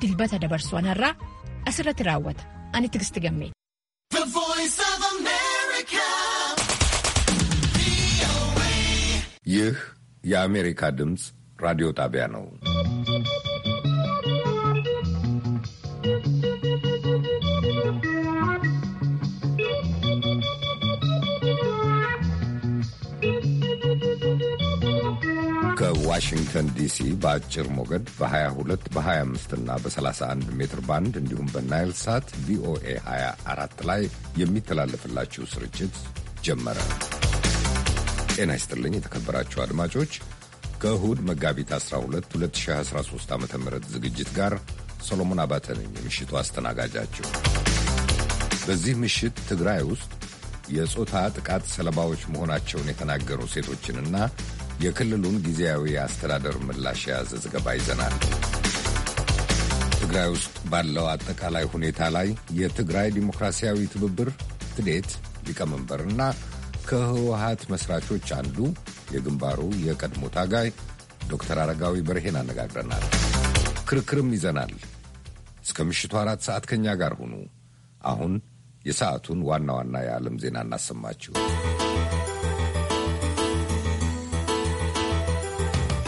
dilbata dabarsu kanarraa asirratti raawwata. Ani tigisti gammee. ይህ የአሜሪካ ድምፅ ራዲዮ ጣቢያ ነው። ዋሽንግተን ዲሲ በአጭር ሞገድ በ22 በ25 እና በ31 ሜትር ባንድ እንዲሁም በናይል ሳት ቪኦኤ 24 ላይ የሚተላለፍላችሁ ስርጭት ጀመረ። ጤና ይስጥልኝ የተከበራችሁ አድማጮች ከእሁድ መጋቢት 12 2013 ዓ ም ዝግጅት ጋር ሰሎሞን አባተ ነኝ የምሽቱ አስተናጋጃችሁ። በዚህ ምሽት ትግራይ ውስጥ የጾታ ጥቃት ሰለባዎች መሆናቸውን የተናገሩ ሴቶችንና የክልሉን ጊዜያዊ አስተዳደር ምላሽ የያዘ ዘገባ ይዘናል። ትግራይ ውስጥ ባለው አጠቃላይ ሁኔታ ላይ የትግራይ ዲሞክራሲያዊ ትብብር ትዴት ሊቀመንበርና ከህወሀት መስራቾች አንዱ የግንባሩ የቀድሞ ታጋይ ዶክተር አረጋዊ በርሄን አነጋግረናል። ክርክርም ይዘናል። እስከ ምሽቱ አራት ሰዓት ከኛ ጋር ሁኑ። አሁን የሰዓቱን ዋና ዋና የዓለም ዜና እናሰማችሁ።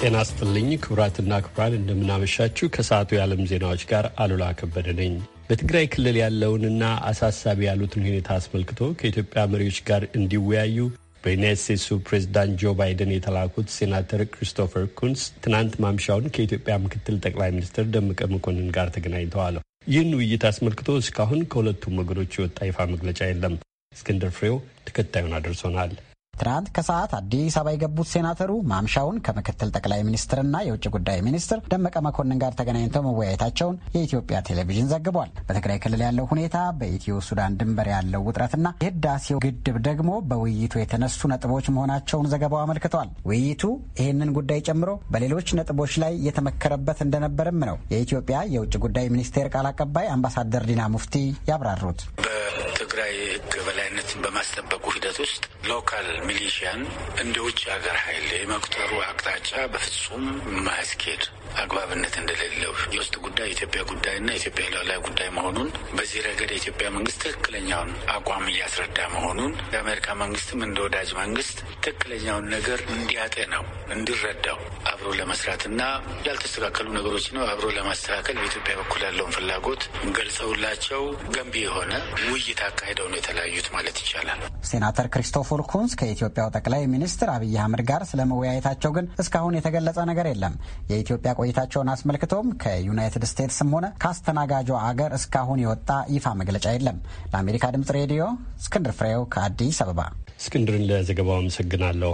ጤና ስጥልኝ ክቡራትና ክቡራን፣ እንደምናመሻችሁ ከሰዓቱ የዓለም ዜናዎች ጋር አሉላ ከበደ ነኝ። በትግራይ ክልል ያለውንና አሳሳቢ ያሉትን ሁኔታ አስመልክቶ ከኢትዮጵያ መሪዎች ጋር እንዲወያዩ በዩናይት ስቴትሱ ፕሬዚዳንት ጆ ባይደን የተላኩት ሴናተር ክሪስቶፈር ኩንስ ትናንት ማምሻውን ከኢትዮጵያ ምክትል ጠቅላይ ሚኒስትር ደመቀ መኮንን ጋር ተገናኝተዋል። ይህን ውይይት አስመልክቶ እስካሁን ከሁለቱም ወገኖች የወጣ ይፋ መግለጫ የለም። እስክንድር ፍሬው ተከታዩን አድርሶናል። ትናንት ከሰዓት አዲስ አበባ የገቡት ሴናተሩ ማምሻውን ከምክትል ጠቅላይ ሚኒስትርና የውጭ ጉዳይ ሚኒስትር ደመቀ መኮንን ጋር ተገናኝተው መወያየታቸውን የኢትዮጵያ ቴሌቪዥን ዘግቧል። በትግራይ ክልል ያለው ሁኔታ፣ በኢትዮ ሱዳን ድንበር ያለው ውጥረትና የህዳሴው ግድብ ደግሞ በውይይቱ የተነሱ ነጥቦች መሆናቸውን ዘገባው አመልክቷል። ውይይቱ ይህንን ጉዳይ ጨምሮ በሌሎች ነጥቦች ላይ የተመከረበት እንደነበርም ነው የኢትዮጵያ የውጭ ጉዳይ ሚኒስቴር ቃል አቀባይ አምባሳደር ዲና ሙፍቲ ያብራሩት። በትግራይ ህግ በላይነትን በማስጠበቁ ሂደት ውስጥ ሎካል ሚሊሽያን እንደ ውጭ ሀገር ኃይል የመቁጠሩ አቅጣጫ በፍጹም ማያስኬድ አግባብነት እንደሌለው የውስጥ ጉዳይ የኢትዮጵያ ጉዳይና የኢትዮጵያ ሉዓላዊ ጉዳይ መሆኑን በዚህ ረገድ የኢትዮጵያ መንግስት ትክክለኛውን አቋም እያስረዳ መሆኑን የአሜሪካ መንግስትም እንደ ወዳጅ መንግስት ትክክለኛውን ነገር እንዲያጤነው እንዲረዳው አብሮ ለመስራትና ያልተስተካከሉ ነገሮች ነው አብሮ ለማስተካከል በኢትዮጵያ በኩል ያለውን ፍላጎት ገልጸውላቸው ገንቢ የሆነ ውይይት አካሂደው ነው የተለያዩት ማለት ይቻላል። ሴናተር ክሪስቶፈር ኩንስ ከኢትዮ ከኢትዮጵያው ጠቅላይ ሚኒስትር አብይ አህመድ ጋር ስለመወያየታቸው ግን እስካሁን የተገለጸ ነገር የለም። የኢትዮጵያ ቆይታቸውን አስመልክቶም ከዩናይትድ ስቴትስም ሆነ ከአስተናጋጇ አገር እስካሁን የወጣ ይፋ መግለጫ የለም። ለአሜሪካ ድምጽ ሬዲዮ እስክንድር ፍሬው ከአዲስ አበባ። እስክንድርን ለዘገባው አመሰግናለሁ።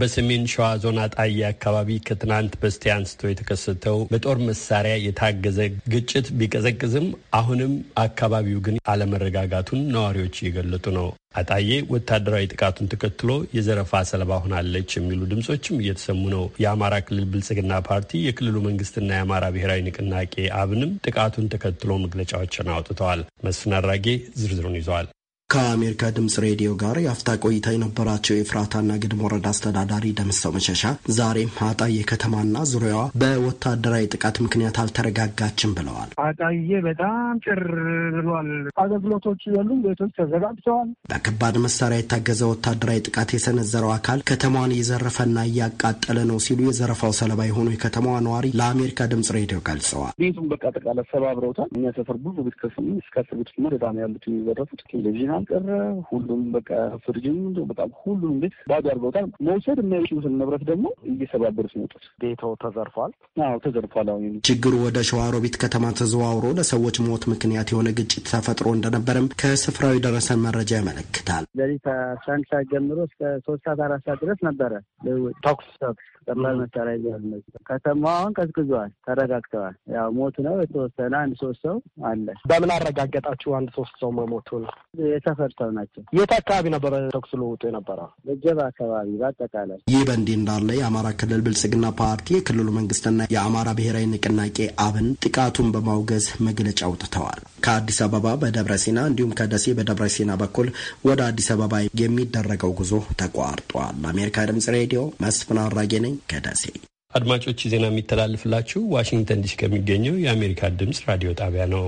በሰሜን ሸዋ ዞን አጣዬ አካባቢ ከትናንት በስቲያ አንስቶ የተከሰተው በጦር መሳሪያ የታገዘ ግጭት ቢቀዘቅዝም አሁንም አካባቢው ግን አለመረጋጋቱን ነዋሪዎች እየገለጡ ነው። አጣዬ ወታደራዊ ጥቃቱን ተከትሎ የዘረፋ ሰለባ ሆናለች የሚሉ ድምጾችም እየተሰሙ ነው። የአማራ ክልል ብልጽግና ፓርቲ፣ የክልሉ መንግስትና የአማራ ብሔራዊ ንቅናቄ አብንም ጥቃቱን ተከትሎ መግለጫዎችን አውጥተዋል። መስፍን አድራጌ ዝርዝሩን ይዘዋል። ከአሜሪካ ድምጽ ሬዲዮ ጋር የአፍታ ቆይታ የነበራቸው የፍራታና ግድም ወረዳ አስተዳዳሪ ደምሰው መሸሻ ዛሬም አጣዬ ከተማና ዙሪያዋ በወታደራዊ ጥቃት ምክንያት አልተረጋጋችም ብለዋል። አጣዬ በጣም ጭር ብሏል። አገልግሎቶች ያሉም ቤቶች ተዘጋግተዋል። በከባድ መሳሪያ የታገዘ ወታደራዊ ጥቃት የሰነዘረው አካል ከተማዋን እየዘረፈና እያቃጠለ ነው ሲሉ የዘረፋው ሰለባ የሆኑ የከተማዋ ነዋሪ ለአሜሪካ ድምጽ ሬዲዮ ገልጸዋል። ቤቱም በቃ አጠቃላይ ሰባብረውታል። እኛ ሰፈር ብዙ ቤት ከስም እስከ አስር ቤት በጣም ያሉት የሚዘረፉት ቴሌቪዥን ቀረ፣ ሁሉም በቃ ፍርጅም በጣም ሁሉም ቤት ባዶ አድርገውታል። መውሰድ የማይችሉትን ንብረት ደግሞ እየሰባበሩ ሲመጡት ቤተው ተዘርፏል። አዎ ተዘርፏል። አሁን ችግሩ ወደ ሸዋሮቢት ከተማ ተዘዋውሮ ለሰዎች ሞት ምክንያት የሆነ ግጭት ተፈጥሮ እንደነበረም ከስፍራው የደረሰን መረጃ ያመለክታል። ሌሊት አስራ አንድ ሰዓት ጀምሮ እስከ ሶስት ሰዓት አራት ሰዓት ድረስ ነበረ ተኩስ ተኩስ ጠባብ መሳሪያ ይዘዋል። ከተማዋን አሁን ቀዝቅዟል፣ ተረጋግተዋል። ያው ሞት ነው የተወሰነ አንድ ሶስት ሰው አለ። በምን አረጋገጣችሁ አንድ ሶስት ሰው መሞቱን? ተፈርተው ናቸው። የት አካባቢ ነበረ ተኩስ ልውጡ የነበረ? በጀባ አካባቢ በአጠቃላይ። ይህ በእንዲህ እንዳለ የአማራ ክልል ብልጽግና ፓርቲ የክልሉ መንግስትና የአማራ ብሔራዊ ንቅናቄ አብን ጥቃቱን በማውገዝ መግለጫ አውጥተዋል። ከአዲስ አበባ በደብረ ሲና እንዲሁም ከደሴ በደብረ ሲና በኩል ወደ አዲስ አበባ የሚደረገው ጉዞ ተቋርጧል። ለአሜሪካ ድምጽ ሬዲዮ መስፍን አራጌ ነኝ ከደሴ። አድማጮች ዜና የሚተላለፍላችሁ ዋሽንግተን ዲሲ ከሚገኘው የአሜሪካ ድምፅ ራዲዮ ጣቢያ ነው።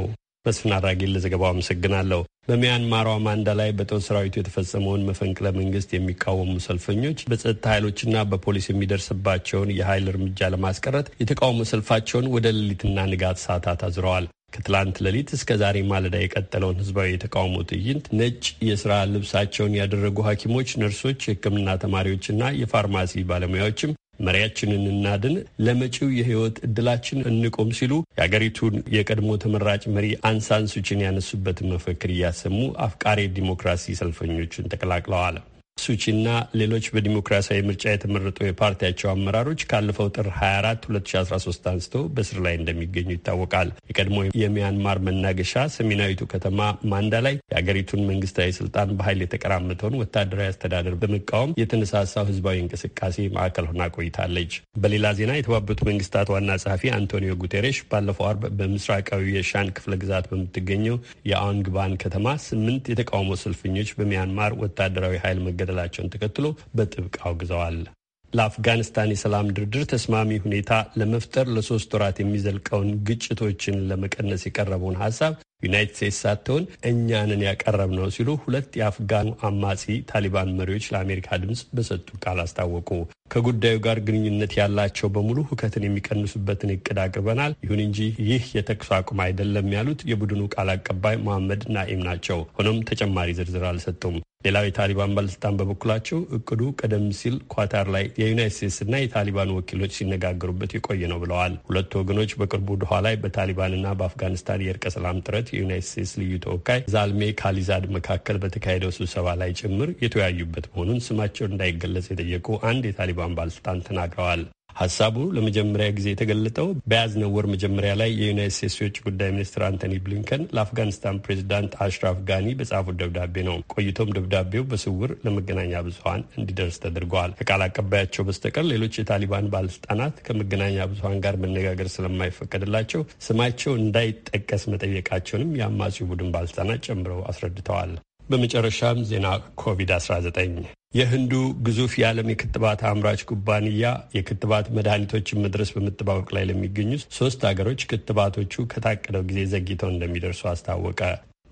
መስፍን አራጌን ለዘገባው አመሰግናለሁ። በሚያንማሯ ማንዳ ላይ በጦር ሰራዊቱ የተፈጸመውን መፈንቅለ መንግስት የሚቃወሙ ሰልፈኞች በጸጥታ ኃይሎችና በፖሊስ የሚደርስባቸውን የኃይል እርምጃ ለማስቀረት የተቃውሞ ሰልፋቸውን ወደ ሌሊትና ንጋት ሰዓታት አዝረዋል። ከትላንት ሌሊት እስከ ዛሬ ማለዳ የቀጠለውን ህዝባዊ የተቃውሞ ትዕይንት ነጭ የስራ ልብሳቸውን ያደረጉ ሐኪሞች፣ ነርሶች፣ የህክምና ተማሪዎችና የፋርማሲ ባለሙያዎችም መሪያችንን እናድን፣ ለመጪው የህይወት እድላችን እንቆም ሲሉ የአገሪቱን የቀድሞ ተመራጭ መሪ አንሳንሱችን ያነሱበትን መፈክር እያሰሙ አፍቃሪ ዲሞክራሲ ሰልፈኞችን ተቀላቅለዋል። ሱቺና ሌሎች በዲሞክራሲያዊ ምርጫ የተመረጡ የፓርቲያቸው አመራሮች ካለፈው ጥር 24 2013 አንስቶ በስር ላይ እንደሚገኙ ይታወቃል። የቀድሞ የሚያንማር መናገሻ ሰሜናዊቱ ከተማ ማንዳ ላይ የአገሪቱን መንግስታዊ ስልጣን በኃይል የተቀራመጠውን ወታደራዊ አስተዳደር በመቃወም የተነሳሳው ህዝባዊ እንቅስቃሴ ማዕከል ሆና ቆይታለች። በሌላ ዜና የተባበሩት መንግስታት ዋና ጸሐፊ አንቶኒዮ ጉቴሬሽ ባለፈው አርብ በምስራቃዊ የሻን ክፍለ ግዛት በምትገኘው የአንግባን ከተማ ስምንት የተቃውሞ ሰልፈኞች በሚያንማር ወታደራዊ ኃይል መገ መገደላቸውን ተከትሎ በጥብቅ አውግዘዋል። ለአፍጋኒስታን የሰላም ድርድር ተስማሚ ሁኔታ ለመፍጠር ለሶስት ወራት የሚዘልቀውን ግጭቶችን ለመቀነስ የቀረበውን ሀሳብ ዩናይትድ ስቴትስ ሳትሆን እኛንን ያቀረብ ነው ሲሉ ሁለት የአፍጋኑ አማጺ ታሊባን መሪዎች ለአሜሪካ ድምፅ በሰጡ ቃል አስታወቁ። ከጉዳዩ ጋር ግንኙነት ያላቸው በሙሉ ሁከትን የሚቀንሱበትን እቅድ አቅርበናል፣ ይሁን እንጂ ይህ የተኩስ አቁም አይደለም ያሉት የቡድኑ ቃል አቀባይ መሐመድ ናኢም ናቸው። ሆኖም ተጨማሪ ዝርዝር አልሰጡም። ሌላው የታሊባን ባለስልጣን በበኩላቸው እቅዱ ቀደም ሲል ኳታር ላይ የዩናይት እና የታሊባን ወኪሎች ሲነጋገሩበት የቆየ ነው ብለዋል። ሁለቱ ወገኖች በቅርቡ ድኋ ላይ በታሊባንና በአፍጋኒስታን የእርቀ ሰላም ጥረት የዩናይት ስቴትስ ልዩ ተወካይ ዛልሜ ካሊዛድ መካከል በተካሄደው ስብሰባ ላይ ጭምር የተወያዩበት መሆኑን ስማቸው እንዳይገለጽ የጠየቁ አንድ የታሊባን ባለስልጣን ተናግረዋል። ሀሳቡ ለመጀመሪያ ጊዜ የተገለጠው በያዝነው ወር መጀመሪያ ላይ የዩናይት ስቴትስ የውጭ ጉዳይ ሚኒስትር አንቶኒ ብሊንከን ለአፍጋኒስታን ፕሬዚዳንት አሽራፍ ጋኒ በጻፉት ደብዳቤ ነው። ቆይቶም ደብዳቤው በስውር ለመገናኛ ብዙሀን እንዲደርስ ተደርገዋል። ከቃል አቀባያቸው በስተቀር ሌሎች የታሊባን ባለስልጣናት ከመገናኛ ብዙሀን ጋር መነጋገር ስለማይፈቀድላቸው ስማቸው እንዳይጠቀስ መጠየቃቸውንም የአማጺው ቡድን ባለስልጣናት ጨምረው አስረድተዋል። በመጨረሻም ዜና ኮቪድ-19 የህንዱ ግዙፍ የዓለም የክትባት አምራች ኩባንያ የክትባት መድኃኒቶችን መድረስ በመጠባበቅ ላይ ለሚገኙ ሶስት አገሮች ክትባቶቹ ከታቀደው ጊዜ ዘግይተው እንደሚደርሱ አስታወቀ።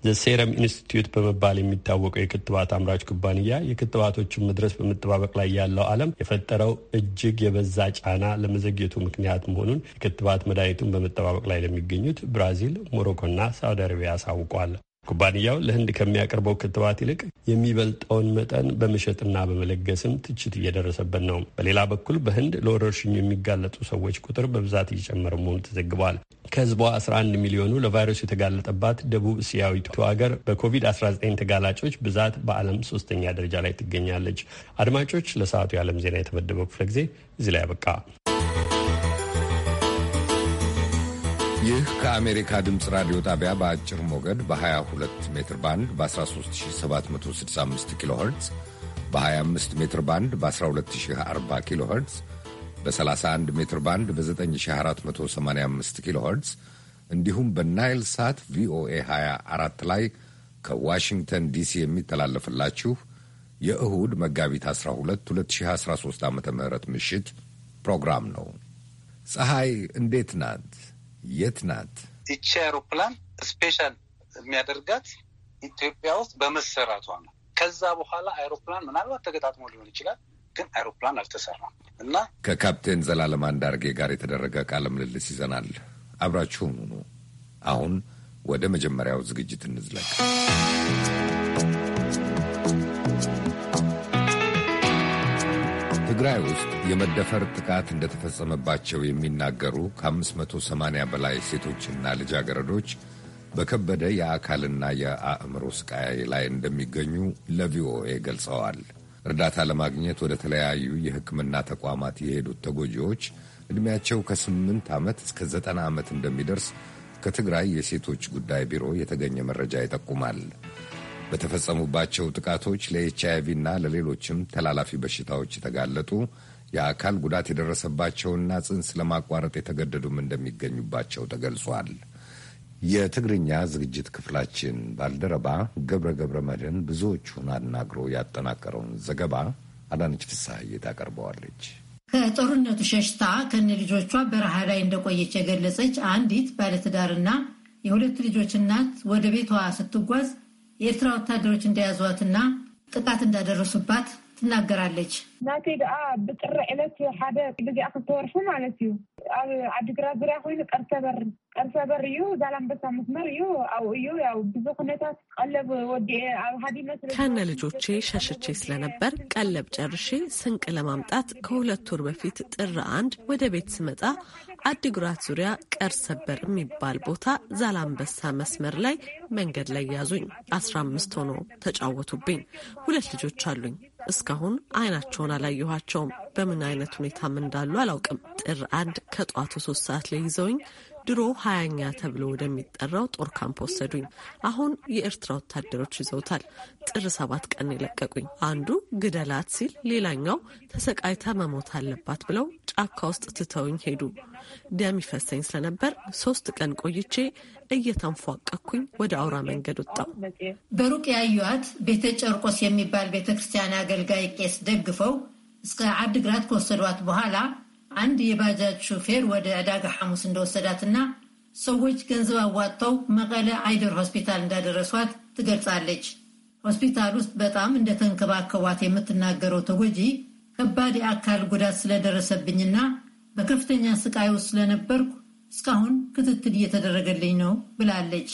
ዘሴረም ኢንስቲትዩት በመባል የሚታወቀው የክትባት አምራች ኩባንያ የክትባቶችን መድረስ በመጠባበቅ ላይ ያለው ዓለም የፈጠረው እጅግ የበዛ ጫና ለመዘግየቱ ምክንያት መሆኑን የክትባት መድኃኒቱን በመጠባበቅ ላይ ለሚገኙት ብራዚል፣ ሞሮኮና ሳውዲ አረቢያ አሳውቋል። ኩባንያው ለህንድ ከሚያቀርበው ክትባት ይልቅ የሚበልጠውን መጠን በመሸጥና በመለገስም ትችት እየደረሰበት ነው። በሌላ በኩል በህንድ ለወረርሽኙ የሚጋለጡ ሰዎች ቁጥር በብዛት እየጨመረ መሆኑ ተዘግቧል። ከህዝቧ 11 ሚሊዮኑ ለቫይረሱ የተጋለጠባት ደቡብ እስያዊቱ ሀገር በኮቪድ-19 ተጋላጮች ብዛት በዓለም ሶስተኛ ደረጃ ላይ ትገኛለች። አድማጮች፣ ለሰዓቱ የዓለም ዜና የተመደበው ክፍለ ጊዜ እዚህ ላይ ያበቃ። ይህ ከአሜሪካ ድምፅ ራዲዮ ጣቢያ በአጭር ሞገድ በ22 ሜትር ባንድ በ13765 ኪሎ ኸርትዝ በ25 ሜትር ባንድ በ1240 ኪሎ ኸርትዝ በ31 ሜትር ባንድ በ9485 ኪሎ ኸርትዝ እንዲሁም በናይል ሳት ቪኦኤ 24 ላይ ከዋሽንግተን ዲሲ የሚተላለፍላችሁ የእሁድ መጋቢት 12 2013 ዓ ም ምሽት ፕሮግራም ነው። ፀሐይ እንዴት ናት? የት ናት ይቺ አውሮፕላን? ስፔሻል የሚያደርጋት ኢትዮጵያ ውስጥ በመሰራቷ ነው። ከዛ በኋላ አይሮፕላን ምናልባት ተገጣጥሞ ሊሆን ይችላል፣ ግን አይሮፕላን አልተሰራም እና ከካፕቴን ዘላለም አንዳርጌ ጋር የተደረገ ቃለ ምልልስ ይዘናል። አብራችሁን ሁኑ። አሁን ወደ መጀመሪያው ዝግጅት እንዝለቅ። ትግራይ ውስጥ የመደፈር ጥቃት እንደተፈጸመባቸው የሚናገሩ ከ580 በላይ ሴቶችና ልጃገረዶች በከበደ የአካልና የአእምሮ ስቃይ ላይ እንደሚገኙ ለቪኦኤ ገልጸዋል። እርዳታ ለማግኘት ወደ ተለያዩ የሕክምና ተቋማት የሄዱት ተጎጂዎች ዕድሜያቸው ከስምንት ዓመት እስከ ዘጠና ዓመት እንደሚደርስ ከትግራይ የሴቶች ጉዳይ ቢሮ የተገኘ መረጃ ይጠቁማል። በተፈጸሙባቸው ጥቃቶች ለኤች እና ለሌሎችም ተላላፊ በሽታዎች የተጋለጡ የአካል ጉዳት የደረሰባቸውና ጽንስ ለማቋረጥ የተገደዱም እንደሚገኙባቸው ተገልጿል። የትግርኛ ዝግጅት ክፍላችን ባልደረባ ገብረ ገብረ መድህን ብዙዎቹን አናግሮ ያጠናቀረውን ዘገባ አዳነች ፍስሐዬ ታቀርበዋለች። ከጦርነቱ ሸሽታ ከነ ልጆቿ በረሃ ላይ እንደቆየች የገለጸች አንዲት ባለትዳርና የሁለት ልጆች እናት ወደ ቤቷ ስትጓዝ የኤርትራ ወታደሮች እንደያዟትና ጥቃት እንዳደረሱባት ትናገራለች። ናተይ ደኣ ብጥረ ዕለት ሓደ ግዜኣ ክተወርሑ ማለት እዩ ኣብ ዓዲግራት ዙርያ ኮይኑ ቀርሰበር ቀርሰበር እዩ ዛላንበሳ መስመር እዩ ኣብኡ እዩ ያው ብዙ ኩነታት ቀለብ ወዲኤ ኣብ ሃዲ መስለ ከነ ልጆቼ ሸሸቼ ስለነበር ቀለብ ጨርሼ ስንቅ ለማምጣት ከሁለት ወር በፊት ጥሪ አንድ ወደ ቤት ስመጣ አዲግራት ዙሪያ ቀርሰበር የሚባል ቦታ ዛላንበሳ መስመር ላይ መንገድ ላይ ያዙኝ። አስራ አምስት ሆኖ ተጫወቱብኝ። ሁለት ልጆች አሉኝ። እስካሁን አይናቸውን አላየኋቸውም። በምን አይነት ሁኔታም እንዳሉ አላውቅም። ጥር አንድ ከጠዋቱ ሶስት ሰዓት ላይ ይዘውኝ ድሮ ሀያኛ ተብሎ ወደሚጠራው ጦር ካምፕ ወሰዱኝ። አሁን የኤርትራ ወታደሮች ይዘውታል። ጥር ሰባት ቀን የለቀቁኝ። አንዱ ግደላት ሲል፣ ሌላኛው ተሰቃይታ መሞት አለባት ብለው ጫካ ውስጥ ትተውኝ ሄዱ። ደም ይፈሰኝ ስለነበር ሶስት ቀን ቆይቼ እየተንፏቀኩኝ ወደ አውራ መንገድ ወጣው። በሩቅ ያዩዋት ቤተ ጨርቆስ የሚባል ቤተ ክርስቲያን አገልጋይ ቄስ ደግፈው እስከ ዓዲግራት ከወሰዷት በኋላ አንድ የባጃጅ ሾፌር ወደ ዕዳጋ ሐሙስ እንደወሰዳትና ሰዎች ገንዘብ አዋጥተው መቀለ አይደር ሆስፒታል እንዳደረሷት ትገልጻለች። ሆስፒታል ውስጥ በጣም እንደተንከባከቧት የምትናገረው ተጎጂ ከባድ የአካል ጉዳት ስለደረሰብኝና በከፍተኛ ስቃይ ውስጥ ስለነበርኩ እስካሁን ክትትል እየተደረገልኝ ነው ብላለች።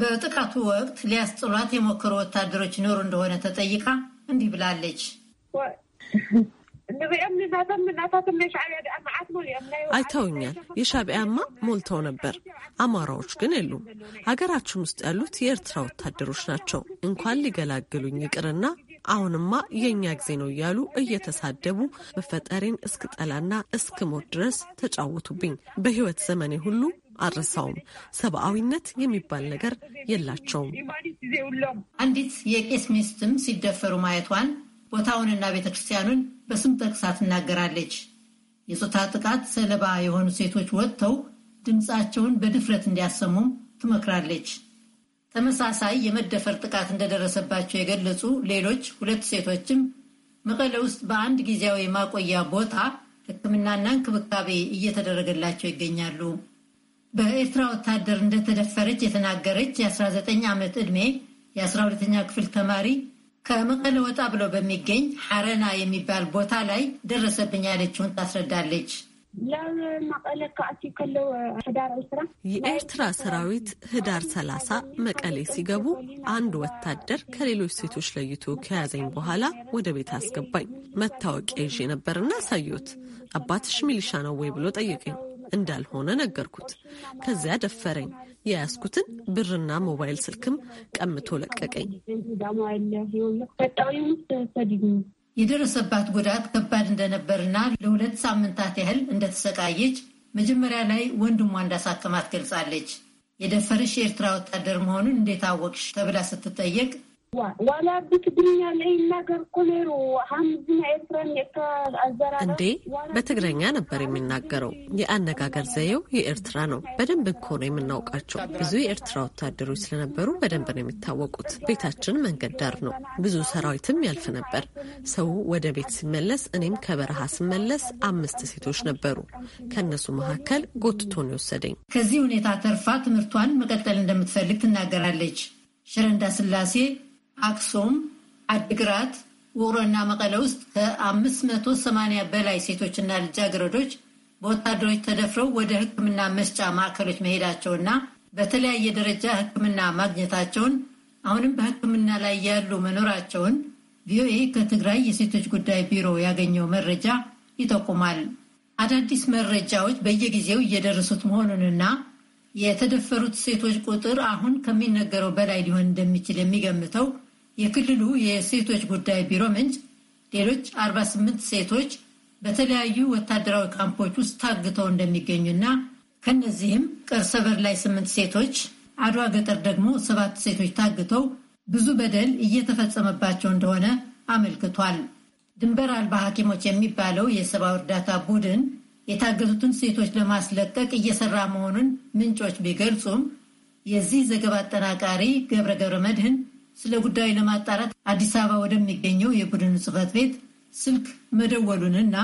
በጥቃቱ ወቅት ሊያስጥሏት የሞከሩ ወታደሮች ይኖሩ እንደሆነ ተጠይቃ እንዲህ ብላለች። አይተውኛል። የሻቢያማ ሞልተው ነበር። አማራዎች ግን የሉም። ሀገራችን ውስጥ ያሉት የኤርትራ ወታደሮች ናቸው። እንኳን ሊገላግሉኝ ይቅርና አሁንማ የእኛ ጊዜ ነው እያሉ እየተሳደቡ መፈጠሬን እስክጠላና እስክሞት ድረስ ተጫወቱብኝ። በህይወት ዘመኔ ሁሉ አረሳውም። ሰብአዊነት የሚባል ነገር የላቸውም። አንዲት የቄስ ሚስትም ሲደፈሩ ማየቷን ቦታውንና ቤተ ክርስቲያኑን በስም ጠቅሳ ትናገራለች። የጾታ ጥቃት ሰለባ የሆኑ ሴቶች ወጥተው ድምፃቸውን በድፍረት እንዲያሰሙም ትመክራለች። ተመሳሳይ የመደፈር ጥቃት እንደደረሰባቸው የገለጹ ሌሎች ሁለት ሴቶችም መቀለ ውስጥ በአንድ ጊዜያዊ የማቆያ ቦታ ሕክምናና እንክብካቤ እየተደረገላቸው ይገኛሉ። በኤርትራ ወታደር እንደተደፈረች የተናገረች የ19 ዓመት ዕድሜ የ12ኛ ክፍል ተማሪ ከመቀለ ወጣ ብሎ በሚገኝ ሐረና የሚባል ቦታ ላይ ደረሰብኝ ያለችውን ታስረዳለች። የኤርትራ ሰራዊት ህዳር ሰላሳ መቀሌ ሲገቡ አንድ ወታደር ከሌሎች ሴቶች ለይቶ ከያዘኝ በኋላ ወደ ቤት አስገባኝ። መታወቂያ ይዤ ነበርና አሳየሁት። አባትሽ ሚሊሻ ነው ወይ ብሎ ጠየቀኝ። እንዳልሆነ ነገርኩት። ከዚያ ደፈረኝ። የያዝኩትን ብርና ሞባይል ስልክም ቀምቶ ለቀቀኝ። የደረሰባት ጉዳት ከባድ እንደነበርና ለሁለት ሳምንታት ያህል እንደተሰቃየች መጀመሪያ ላይ ወንድሟ እንዳሳከማት ገልጻለች። የደፈረሽ የኤርትራ ወታደር መሆኑን እንዴት አወቅሽ ተብላ ስትጠየቅ እንዴ በትግረኛ ነበር የሚናገረው። የአነጋገር ዘየው የኤርትራ ነው። በደንብ እኮ ነው የምናውቃቸው። ብዙ የኤርትራ ወታደሮች ስለነበሩ በደንብ ነው የሚታወቁት። ቤታችን መንገድ ዳር ነው። ብዙ ሰራዊትም ያልፍ ነበር። ሰው ወደ ቤት ሲመለስ፣ እኔም ከበረሃ ስመለስ አምስት ሴቶች ነበሩ። ከእነሱ መካከል ጎትቶን የወሰደኝ። ከዚህ ሁኔታ ተርፋ ትምህርቷን መቀጠል እንደምትፈልግ ትናገራለች ሽረንዳ ስላሴ አክሱም፣ አድግራት፣ ውቅሮና መቀለ ውስጥ 8ያ በላይ ሴቶችና ልጃገረዶች በወታደሮች ተደፍረው ወደ ሕክምና መስጫ ማዕከሎች መሄዳቸውና በተለያየ ደረጃ ሕክምና ማግኘታቸውን አሁንም በሕክምና ላይ ያሉ መኖራቸውን ቪኦኤ ከትግራይ የሴቶች ጉዳይ ቢሮ ያገኘው መረጃ ይጠቁማል። አዳዲስ መረጃዎች በየጊዜው እየደረሱት መሆኑንና የተደፈሩት ሴቶች ቁጥር አሁን ከሚነገረው በላይ ሊሆን እንደሚችል የሚገምተው የክልሉ የሴቶች ጉዳይ ቢሮ ምንጭ ሌሎች 48 ሴቶች በተለያዩ ወታደራዊ ካምፖች ውስጥ ታግተው እንደሚገኙና ከነዚህም ቀርሰበር ላይ ስምንት ሴቶች፣ አድዋ ገጠር ደግሞ ሰባት ሴቶች ታግተው ብዙ በደል እየተፈጸመባቸው እንደሆነ አመልክቷል። ድንበር አልባ ሐኪሞች የሚባለው የሰብአዊ እርዳታ ቡድን የታገቱትን ሴቶች ለማስለቀቅ እየሰራ መሆኑን ምንጮች ቢገልጹም የዚህ ዘገባ አጠናቃሪ ገብረ ገብረ መድህን ስለ ጉዳዩ ለማጣራት አዲስ አበባ ወደሚገኘው የቡድኑ ጽህፈት ቤት ስልክ መደወሉንና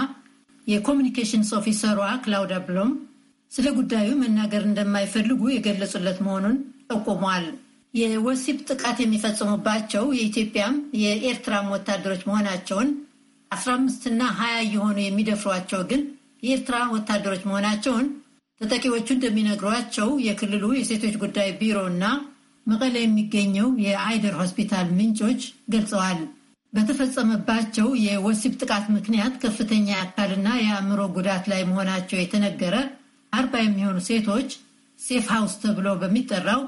የኮሚኒኬሽንስ ኦፊሰሯ ክላውዳ ብሎም ስለ ጉዳዩ መናገር እንደማይፈልጉ የገለጹለት መሆኑን ጠቁሟል። የወሲብ ጥቃት የሚፈጽሙባቸው የኢትዮጵያም የኤርትራም ወታደሮች መሆናቸውን፣ አስራ አምስትና ሀያ የሆኑ የሚደፍሯቸው ግን የኤርትራ ወታደሮች መሆናቸውን ተጠቂዎቹ እንደሚነግሯቸው የክልሉ የሴቶች ጉዳይ ቢሮ እና መቀለ የሚገኘው የአይደር ሆስፒታል ምንጮች ገልጸዋል። በተፈጸመባቸው የወሲብ ጥቃት ምክንያት ከፍተኛ የአካልና የአእምሮ ጉዳት ላይ መሆናቸው የተነገረ አርባ የሚሆኑ ሴቶች ሴፍ ሃውስ ተብሎ በሚጠራው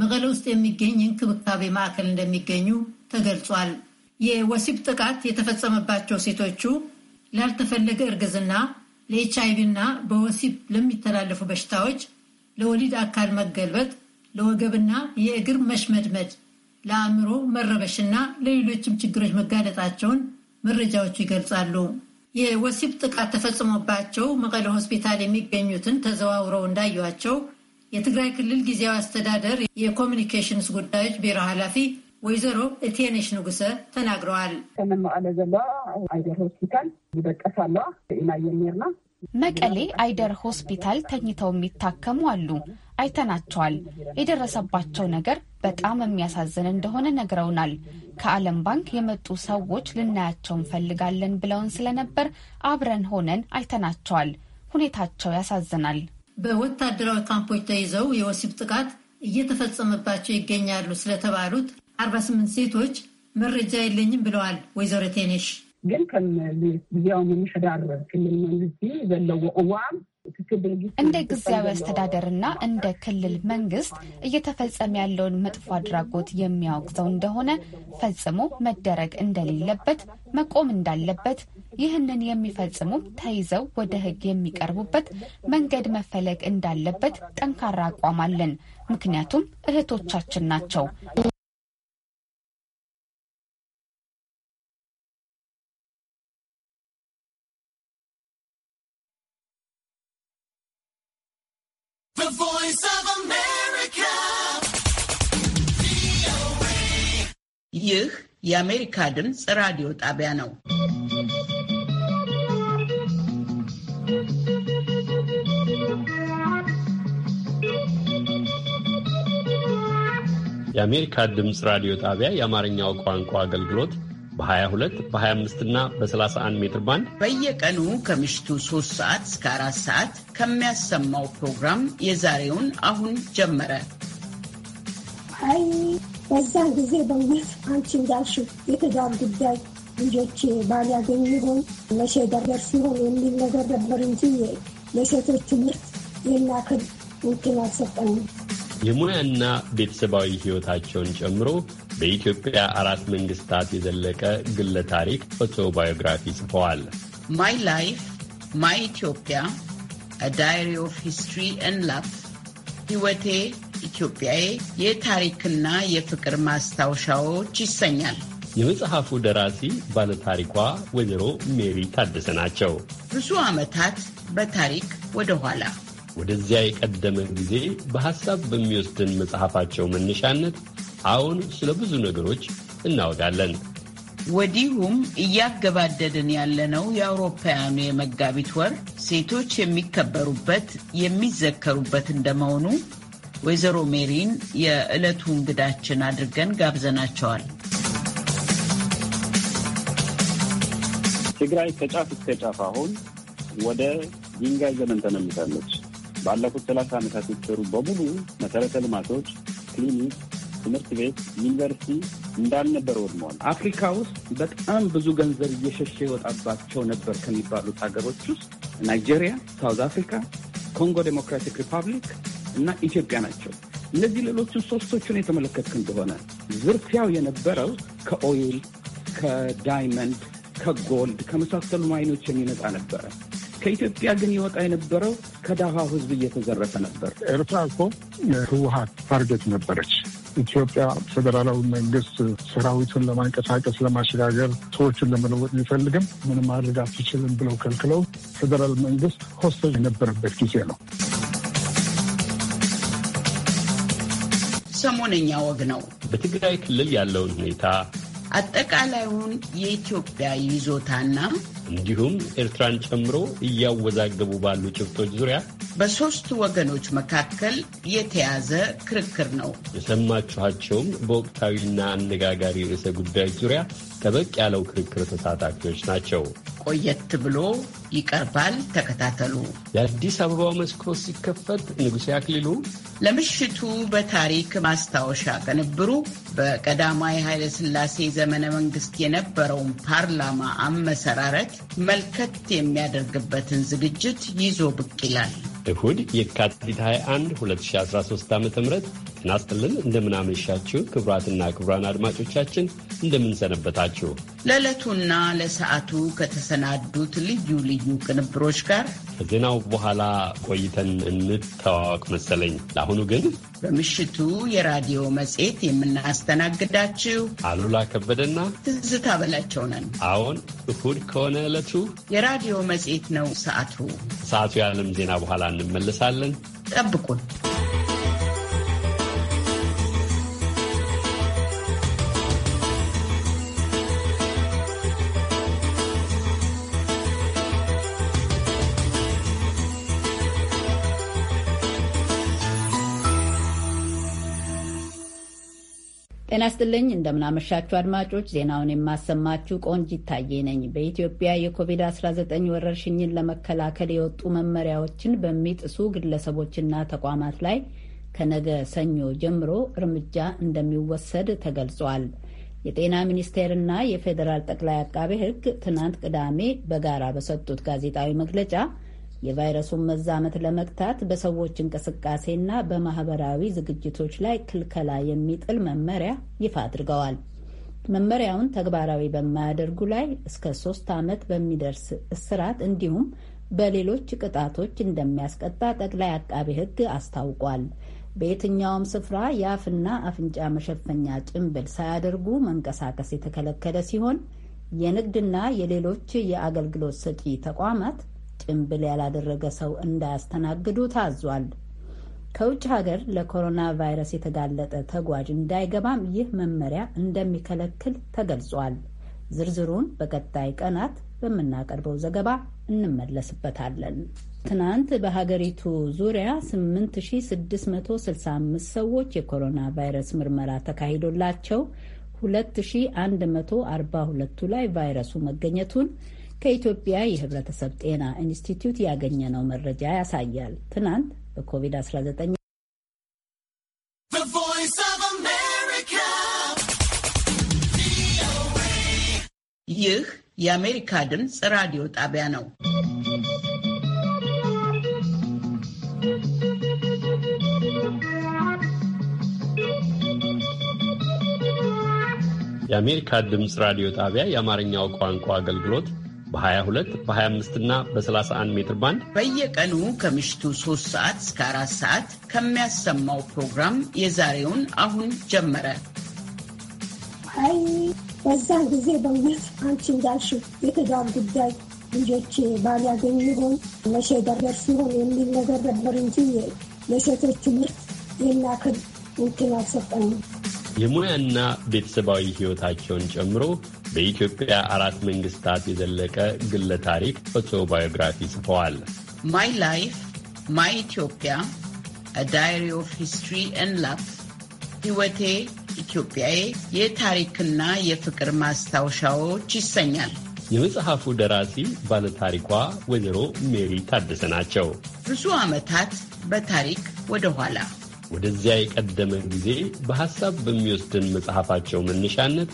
መቀለ ውስጥ የሚገኝ እንክብካቤ ማዕከል እንደሚገኙ ተገልጿል። የወሲብ ጥቃት የተፈጸመባቸው ሴቶቹ ላልተፈለገ እርግዝና፣ ለኤች አይቪ እና በወሲብ ለሚተላለፉ በሽታዎች፣ ለወሊድ አካል መገልበጥ ለወገብና የእግር መሽመድመድ፣ ለአእምሮ መረበሽና ለሌሎችም ችግሮች መጋለጣቸውን መረጃዎቹ ይገልጻሉ። የወሲብ ጥቃት ተፈጽሞባቸው መቀለ ሆስፒታል የሚገኙትን ተዘዋውረው እንዳዩቸው የትግራይ ክልል ጊዜያዊ አስተዳደር የኮሚኒኬሽንስ ጉዳዮች ቢሮ ኃላፊ ወይዘሮ እቴነሽ ንጉሰ ተናግረዋል። መቀለ ዘላ አይደር ሆስፒታል ይበቀሳ ኢና የሚርና መቀሌ አይደር ሆስፒታል ተኝተው የሚታከሙ አሉ። አይተናቸዋል። የደረሰባቸው ነገር በጣም የሚያሳዝን እንደሆነ ነግረውናል። ከዓለም ባንክ የመጡ ሰዎች ልናያቸው እንፈልጋለን ብለውን ስለነበር አብረን ሆነን አይተናቸዋል። ሁኔታቸው ያሳዝናል። በወታደራዊ ካምፖች ተይዘው የወሲብ ጥቃት እየተፈጸመባቸው ይገኛሉ ስለተባሉት ስምንት ሴቶች መረጃ የለኝም ብለዋል ወይዘሮ ቴኔሽ ግን ከም ብዚያዊ ክልል መንግስቲ ዘለዎ እዋም እንደ ጊዜያዊ አስተዳደር እና እንደ ክልል መንግስት እየተፈጸመ ያለውን መጥፎ አድራጎት የሚያወግዘው እንደሆነ ፈጽሞ መደረግ እንደሌለበት መቆም እንዳለበት ይህንን የሚፈጽሙ ተይዘው ወደ ሕግ የሚቀርቡበት መንገድ መፈለግ እንዳለበት ጠንካራ አቋም አለን። ምክንያቱም እህቶቻችን ናቸው። የአሜሪካ ድምፅ ራዲዮ ጣቢያ ነው። የአሜሪካ ድምፅ ራዲዮ ጣቢያ የአማርኛው ቋንቋ አገልግሎት በ22 በ25 እና በ31 ሜትር ባንድ በየቀኑ ከምሽቱ 3 ሰዓት እስከ 4 ሰዓት ከሚያሰማው ፕሮግራም የዛሬውን አሁን ጀመረ። በዛን ጊዜ በእውነት አንቺ እንዳልሽው የትዳር ጉዳይ ልጆች ባል ያገኙ ይሆን መቼ ደረስ ሲሆን የሚል ነገር ነበር እንጂ የሴቶች ትምህርት የናክል እንትን አልሰጠንም። የሙያና ቤተሰባዊ ሕይወታቸውን ጨምሮ በኢትዮጵያ አራት መንግስታት የዘለቀ ግለ ታሪክ ኦቶባዮግራፊ ጽፈዋል። ማይ ላይፍ ማይ ኢትዮጵያ ዳይሪ ኦፍ ሂስትሪ ኤንድ ላፍ ህይወቴ ኢትዮጵያዬ የታሪክና የፍቅር ማስታወሻዎች ይሰኛል። የመጽሐፉ ደራሲ ባለታሪኳ ወይዘሮ ሜሪ ታደሰ ናቸው። ብዙ ዓመታት በታሪክ ወደ ኋላ ወደዚያ የቀደመ ጊዜ በሐሳብ በሚወስድን መጽሐፋቸው መነሻነት አሁን ስለ ብዙ ነገሮች እናወጋለን። ወዲሁም እያገባደድን ያለነው የአውሮፓውያኑ የመጋቢት ወር ሴቶች የሚከበሩበት የሚዘከሩበት እንደመሆኑ ወይዘሮ ሜሪን የዕለቱ እንግዳችን አድርገን ጋብዘናቸዋል። ትግራይ ከጫፍ እስከ ጫፍ አሁን ወደ ድንጋይ ዘመን ተመልሳለች። ባለፉት ሰላሳ ዓመታት የተሰሩ በሙሉ መሰረተ ልማቶች፣ ክሊኒክ፣ ትምህርት ቤት፣ ዩኒቨርሲቲ እንዳልነበር ወድመዋል። አፍሪካ ውስጥ በጣም ብዙ ገንዘብ እየሸሸ የወጣባቸው ነበር ከሚባሉት ሀገሮች ውስጥ ናይጄሪያ፣ ሳውዝ አፍሪካ፣ ኮንጎ ዴሞክራቲክ ሪፐብሊክ እና ኢትዮጵያ ናቸው። እነዚህ ሌሎችን ሶስቶቹን የተመለከትክ እንደሆነ ዝርፊያው የነበረው ከኦይል፣ ከዳይመንድ፣ ከጎልድ ከመሳሰሉ ማይኖች የሚመጣ ነበረ። ከኢትዮጵያ ግን ይወጣ የነበረው ከዳሃው ህዝብ እየተዘረፈ ነበር። ኤርትራ እኮ ህወሀት ታርጌት ነበረች። ኢትዮጵያ ፌዴራላዊ መንግስት ሰራዊቱን ለማንቀሳቀስ ለማሸጋገር ሰዎችን ለመለወጥ ቢፈልግም ምንም ማድረግ አትችልም ብለው ከልክለው ፌዴራል መንግስት ሆስቴጅ የነበረበት ጊዜ ነው። ሰሞነኛ ወግ ነው። በትግራይ ክልል ያለውን ሁኔታ አጠቃላዩን የኢትዮጵያ ይዞታና እንዲሁም ኤርትራን ጨምሮ እያወዛገቡ ባሉ ጭብጦች ዙሪያ በሦስቱ ወገኖች መካከል የተያዘ ክርክር ነው። የሰማችኋቸውም በወቅታዊና አነጋጋሪ ርዕሰ ጉዳዮች ዙሪያ ጠበቅ ያለው ክርክር ተሳታፊዎች ናቸው። ቆየት ብሎ ይቀርባል። ተከታተሉ። የአዲስ አበባው መስኮት ሲከፈት ንጉሴ አክሊሉ ለምሽቱ በታሪክ ማስታወሻ ቅንብሩ በቀዳማዊ ኃይለሥላሴ ዘመነ መንግስት የነበረውን ፓርላማ አመሰራረት መልከት የሚያደርግበትን ዝግጅት ይዞ ብቅ ይላል። እሁድ የካቲት 21 2013 ዓ ም ጤና ይስጥልን። እንደምናመሻችሁ ክቡራትና ክቡራን አድማጮቻችን እንደምንሰነበታችሁ። ለዕለቱና ለሰዓቱ ከተሰናዱት ልዩ ልዩ ቅንብሮች ጋር ከዜናው በኋላ ቆይተን እንተዋወቅ መሰለኝ። ለአሁኑ ግን በምሽቱ የራዲዮ መጽሔት የምናስተናግዳችሁ አሉላ ከበደና ትዝታ በላቸው ነን። አዎን እሁድ ከሆነ ዕለቱ የራዲዮ መጽሔት ነው። ሰዓቱ ሰዓቱ የዓለም ዜና በኋላ እንመለሳለን። ጠብቁን። ጤና ይስጥልኝ እንደምናመሻችሁ አድማጮች፣ ዜናውን የማሰማችሁ ቆንጅ ይታየ ነኝ። በኢትዮጵያ የኮቪድ-19 ወረርሽኝን ለመከላከል የወጡ መመሪያዎችን በሚጥሱ ግለሰቦችና ተቋማት ላይ ከነገ ሰኞ ጀምሮ እርምጃ እንደሚወሰድ ተገልጿል። የጤና ሚኒስቴርና የፌዴራል ጠቅላይ አቃቤ ሕግ ትናንት ቅዳሜ በጋራ በሰጡት ጋዜጣዊ መግለጫ የቫይረሱን መዛመት ለመግታት በሰዎች እንቅስቃሴና በማህበራዊ ዝግጅቶች ላይ ክልከላ የሚጥል መመሪያ ይፋ አድርገዋል። መመሪያውን ተግባራዊ በማያደርጉ ላይ እስከ ሶስት ዓመት በሚደርስ እስራት እንዲሁም በሌሎች ቅጣቶች እንደሚያስቀጣ ጠቅላይ አቃቤ ሕግ አስታውቋል። በየትኛውም ስፍራ የአፍና አፍንጫ መሸፈኛ ጭንብል ሳያደርጉ መንቀሳቀስ የተከለከለ ሲሆን የንግድና የሌሎች የአገልግሎት ሰጪ ተቋማት ጭንብል ያላደረገ ሰው እንዳያስተናግዱ ታዟል። ከውጭ ሀገር ለኮሮና ቫይረስ የተጋለጠ ተጓዥ እንዳይገባም ይህ መመሪያ እንደሚከለክል ተገልጿል። ዝርዝሩን በቀጣይ ቀናት በምናቀርበው ዘገባ እንመለስበታለን። ትናንት በሀገሪቱ ዙሪያ 8665 ሰዎች የኮሮና ቫይረስ ምርመራ ተካሂዶላቸው 2142ቱ ላይ ቫይረሱ መገኘቱን ከኢትዮጵያ የሕብረተሰብ ጤና ኢንስቲትዩት ያገኘነው መረጃ ያሳያል። ትናንት በኮቪድ-19 ይህ የአሜሪካ ድምፅ ራዲዮ ጣቢያ ነው። የአሜሪካ ድምፅ ራዲዮ ጣቢያ የአማርኛው ቋንቋ አገልግሎት በ22 በ25 እና በ31 ሜትር ባንድ በየቀኑ ከምሽቱ 3 ሰዓት እስከ 4 ሰዓት ከሚያሰማው ፕሮግራም የዛሬውን አሁን ጀመረ። አይ በዛን ጊዜ በእውነት አንቺ እንዳልሽው የትዳር ጉዳይ ልጆች ባል ያገኝ ይሆን መቼ ደረስ ይሆን የሚል ነገር ነበር እንጂ ለሴቶች ትምህርት የሚያክል እንትን አልሰጠንም። የሙያና ቤተሰባዊ ሕይወታቸውን ጨምሮ በኢትዮጵያ አራት መንግስታት የዘለቀ ግለ ታሪክ ኦቶባዮግራፊ ጽፈዋል። ማይ ላይፍ ማይ ኢትዮጵያ ዳይሪ ኦፍ ሂስትሪ ኤንድ ላቭ ህይወቴ ኢትዮጵያዬ የታሪክና የፍቅር ማስታወሻዎች ይሰኛል። የመጽሐፉ ደራሲ ባለታሪኳ ወይዘሮ ሜሪ ታደሰ ናቸው። ብዙ ዓመታት በታሪክ ወደ ኋላ ወደዚያ የቀደመ ጊዜ በሐሳብ በሚወስድን መጽሐፋቸው መነሻነት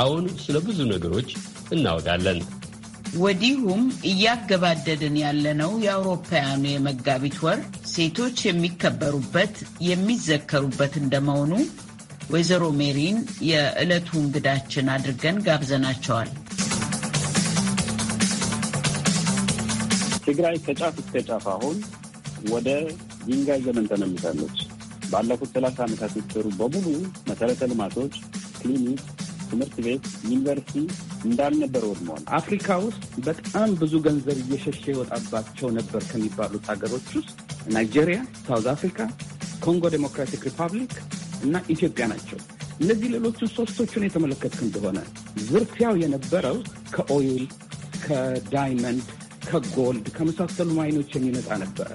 አሁን ስለ ብዙ ነገሮች እናወጋለን። ወዲሁም እያገባደድን ያለነው የአውሮፓውያኑ የመጋቢት ወር ሴቶች የሚከበሩበት የሚዘከሩበት እንደመሆኑ ወይዘሮ ሜሪን የዕለቱ እንግዳችን አድርገን ጋብዘናቸዋል። ትግራይ ከጫፍ እስከ ጫፍ አሁን ወደ ድንጋይ ዘመን ተነምታለች። ባለፉት ሰላሳ ዓመታት የተሰሩ በሙሉ መሰረተ ልማቶች፣ ክሊኒክ ትምህርት ቤት፣ ዩኒቨርሲቲ እንዳልነበር ወድመዋል። አፍሪካ ውስጥ በጣም ብዙ ገንዘብ እየሸሸ ይወጣባቸው ነበር ከሚባሉት ሀገሮች ውስጥ ናይጄሪያ፣ ሳውዝ አፍሪካ፣ ኮንጎ ዴሞክራቲክ ሪፐብሊክ እና ኢትዮጵያ ናቸው። እነዚህ ሌሎቹ ሶስቶቹን የተመለከትክ እንደሆነ ዝርፊያው የነበረው ከኦይል፣ ከዳይመንድ፣ ከጎልድ ከመሳሰሉ ማይኖች የሚመጣ ነበረ።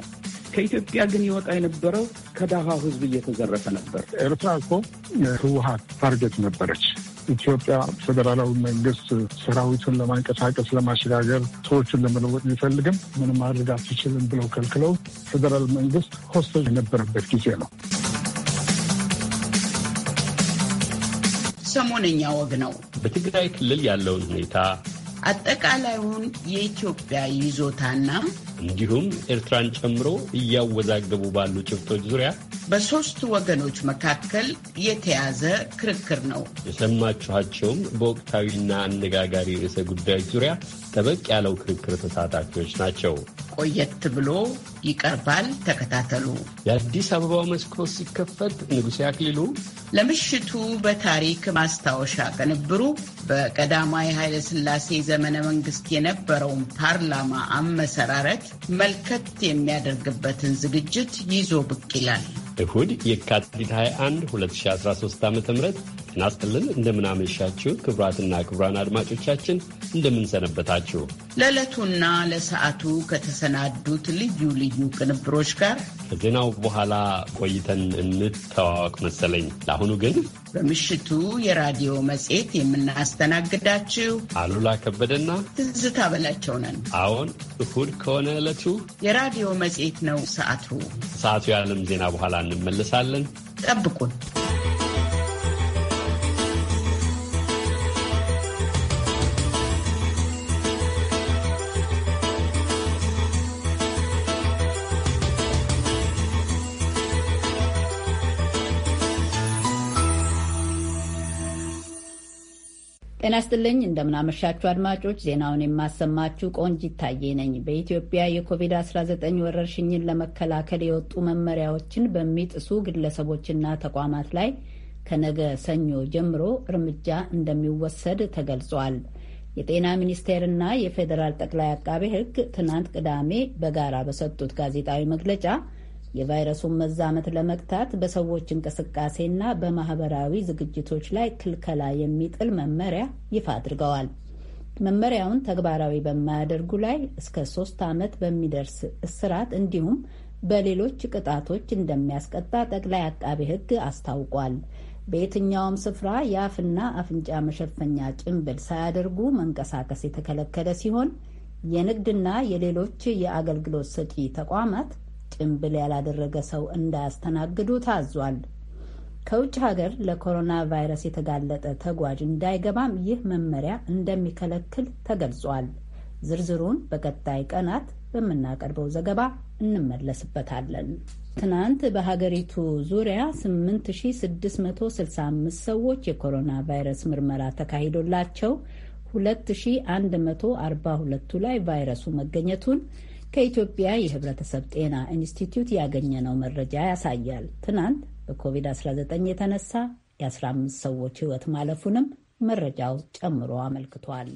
ከኢትዮጵያ ግን ይወጣ የነበረው ከዳሃው ሕዝብ እየተዘረፈ ነበር። ኤርትራ እኮ ህወሀት ታርጌት ነበረች። ኢትዮጵያ ፌዴራላዊ መንግስት ሰራዊቱን ለማንቀሳቀስ ለማሸጋገር፣ ሰዎችን ለመለወጥ ቢፈልግም ምንም ማድረግ አትችልም ብለው ከልክለው ፌዴራል መንግስት ሆስቴጅ የነበረበት ጊዜ ነው። ሰሞነኛ ወግ ነው። በትግራይ ክልል ያለውን ሁኔታ አጠቃላዩን የኢትዮጵያ ይዞታና እንዲሁም ኤርትራን ጨምሮ እያወዛገቡ ባሉ ጭብጦች ዙሪያ በሶስት ወገኖች መካከል የተያዘ ክርክር ነው። የሰማችኋቸውም በወቅታዊና አነጋጋሪ ርዕሰ ጉዳዮች ዙሪያ ጠበቅ ያለው ክርክር ተሳታፊዎች ናቸው። ቆየት ብሎ ይቀርባል። ተከታተሉ። የአዲስ አበባው መስኮት ሲከፈት ንጉሴ አክሊሉ ለምሽቱ በታሪክ ማስታወሻ ቅንብሩ በቀዳማዊ ኃይለ ዘመነ መንግስት የነበረውን ፓርላማ አመሰራረት መልከት የሚያደርግበትን ዝግጅት ይዞ ብቅ ይላል። እሁድ የካቲት 21 2013 ዓ ም ጤና እንደምናመሻችው እንደምናመሻችሁ ክቡራትና ክቡራን አድማጮቻችን እንደምንሰነበታችሁ። ለዕለቱና ለሰዓቱ ከተሰናዱት ልዩ ልዩ ቅንብሮች ጋር ከዜናው በኋላ ቆይተን እንተዋወቅ መሰለኝ። ለአሁኑ ግን በምሽቱ የራዲዮ መጽሔት የምናስተናግዳችሁ አሉላ ከበደና ትዝታ በላቸው ነን። አዎን እሁድ ከሆነ ዕለቱ የራዲዮ መጽሔት ነው። ሰዓቱ ሰዓቱ የዓለም ዜና በኋላ እንመለሳለን። ጠብቁን። ጤና ይስጥልኝ እንደምናመሻችሁ አድማጮች፣ ዜናውን የማሰማችሁ ቆንጅ ይታየ ነኝ። በኢትዮጵያ የኮቪድ-19 ወረርሽኝን ለመከላከል የወጡ መመሪያዎችን በሚጥሱ ግለሰቦችና ተቋማት ላይ ከነገ ሰኞ ጀምሮ እርምጃ እንደሚወሰድ ተገልጿል። የጤና ሚኒስቴርና የፌዴራል ጠቅላይ አቃቤ ሕግ ትናንት ቅዳሜ በጋራ በሰጡት ጋዜጣዊ መግለጫ የቫይረሱን መዛመት ለመግታት በሰዎች እንቅስቃሴና በማህበራዊ ዝግጅቶች ላይ ክልከላ የሚጥል መመሪያ ይፋ አድርገዋል። መመሪያውን ተግባራዊ በማያደርጉ ላይ እስከ ሶስት ዓመት በሚደርስ እስራት እንዲሁም በሌሎች ቅጣቶች እንደሚያስቀጣ ጠቅላይ አቃቤ ሕግ አስታውቋል። በየትኛውም ስፍራ የአፍና አፍንጫ መሸፈኛ ጭንብል ሳያደርጉ መንቀሳቀስ የተከለከለ ሲሆን የንግድና የሌሎች የአገልግሎት ሰጪ ተቋማት ጭንብል ያላደረገ ሰው እንዳያስተናግዱ ታዟል። ከውጭ ሀገር ለኮሮና ቫይረስ የተጋለጠ ተጓዥ እንዳይገባም ይህ መመሪያ እንደሚከለክል ተገልጿል። ዝርዝሩን በቀጣይ ቀናት በምናቀርበው ዘገባ እንመለስበታለን። ትናንት በሀገሪቱ ዙሪያ 8665 ሰዎች የኮሮና ቫይረስ ምርመራ ተካሂዶላቸው 2142ቱ ላይ ቫይረሱ መገኘቱን ከኢትዮጵያ የሕብረተሰብ ጤና ኢንስቲትዩት ያገኘነው መረጃ ያሳያል። ትናንት በኮቪድ-19 የተነሳ የ15 ሰዎች ሕይወት ማለፉንም መረጃው ጨምሮ አመልክቷል።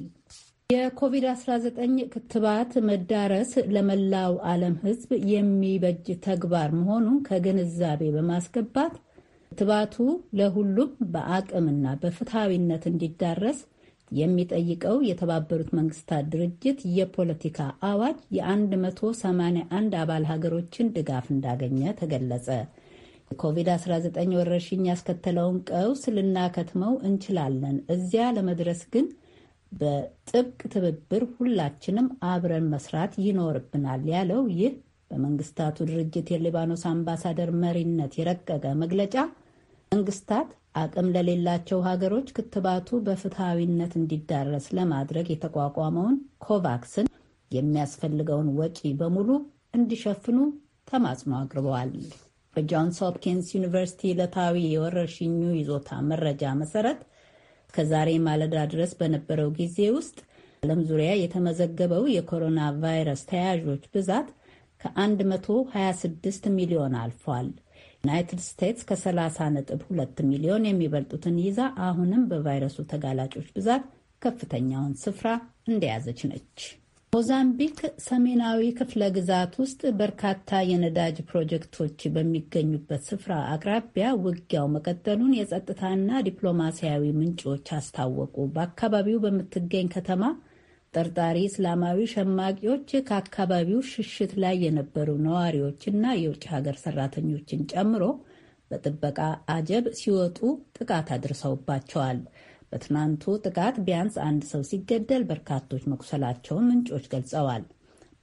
የኮቪድ-19 ክትባት መዳረስ ለመላው ዓለም ሕዝብ የሚበጅ ተግባር መሆኑን ከግንዛቤ በማስገባት ክትባቱ ለሁሉም በአቅምና በፍትሐዊነት እንዲዳረስ የሚጠይቀው የተባበሩት መንግስታት ድርጅት የፖለቲካ አዋጅ የ181 አባል ሀገሮችን ድጋፍ እንዳገኘ ተገለጸ። የኮቪድ-19 ወረርሽኝ ያስከተለውን ቀውስ ልናከትመው እንችላለን። እዚያ ለመድረስ ግን በጥብቅ ትብብር ሁላችንም አብረን መስራት ይኖርብናል ያለው ይህ በመንግስታቱ ድርጅት የሊባኖስ አምባሳደር መሪነት የረቀቀ መግለጫ መንግስታት አቅም ለሌላቸው ሀገሮች ክትባቱ በፍትሐዊነት እንዲዳረስ ለማድረግ የተቋቋመውን ኮቫክስን የሚያስፈልገውን ወጪ በሙሉ እንዲሸፍኑ ተማጽኖ አቅርበዋል። በጆንስ ሆፕኪንስ ዩኒቨርሲቲ ዕለታዊ የወረርሽኙ ይዞታ መረጃ መሰረት ከዛሬ ማለዳ ድረስ በነበረው ጊዜ ውስጥ ዓለም ዙሪያ የተመዘገበው የኮሮና ቫይረስ ተያያዦች ብዛት ከ126 ሚሊዮን አልፏል። ዩናይትድ ስቴትስ ከ 2 ሚሊዮን የሚበልጡትን ይዛ አሁንም በቫይረሱ ተጋላጮች ብዛት ከፍተኛውን ስፍራ እንደያዘች ነች። ሞዛምቢክ ሰሜናዊ ክፍለ ግዛት ውስጥ በርካታ የነዳጅ ፕሮጀክቶች በሚገኙበት ስፍራ አቅራቢያ ውጊያው መቀጠሉን የጸጥታና ዲፕሎማሲያዊ ምንጮች አስታወቁ። በአካባቢው በምትገኝ ከተማ ጠርጣሪ እስላማዊ ሸማቂዎች ከአካባቢው ሽሽት ላይ የነበሩ ነዋሪዎችና የውጭ ሀገር ሰራተኞችን ጨምሮ በጥበቃ አጀብ ሲወጡ ጥቃት አድርሰውባቸዋል። በትናንቱ ጥቃት ቢያንስ አንድ ሰው ሲገደል በርካቶች መቁሰላቸውን ምንጮች ገልጸዋል።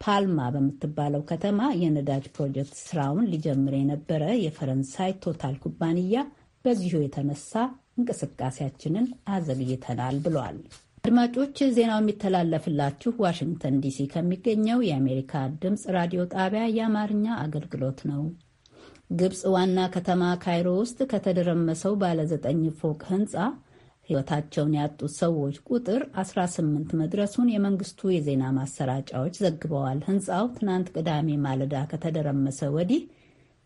ፓልማ በምትባለው ከተማ የነዳጅ ፕሮጀክት ስራውን ሊጀምር የነበረ የፈረንሳይ ቶታል ኩባንያ በዚሁ የተነሳ እንቅስቃሴያችንን አዘግይተናል ብሏል። አድማጮች ዜናው የሚተላለፍላችሁ ዋሽንግተን ዲሲ ከሚገኘው የአሜሪካ ድምፅ ራዲዮ ጣቢያ የአማርኛ አገልግሎት ነው። ግብፅ ዋና ከተማ ካይሮ ውስጥ ከተደረመሰው ባለ ዘጠኝ ፎቅ ህንፃ ህይወታቸውን ያጡት ሰዎች ቁጥር 18 መድረሱን የመንግስቱ የዜና ማሰራጫዎች ዘግበዋል። ህንፃው ትናንት ቅዳሜ ማለዳ ከተደረመሰ ወዲህ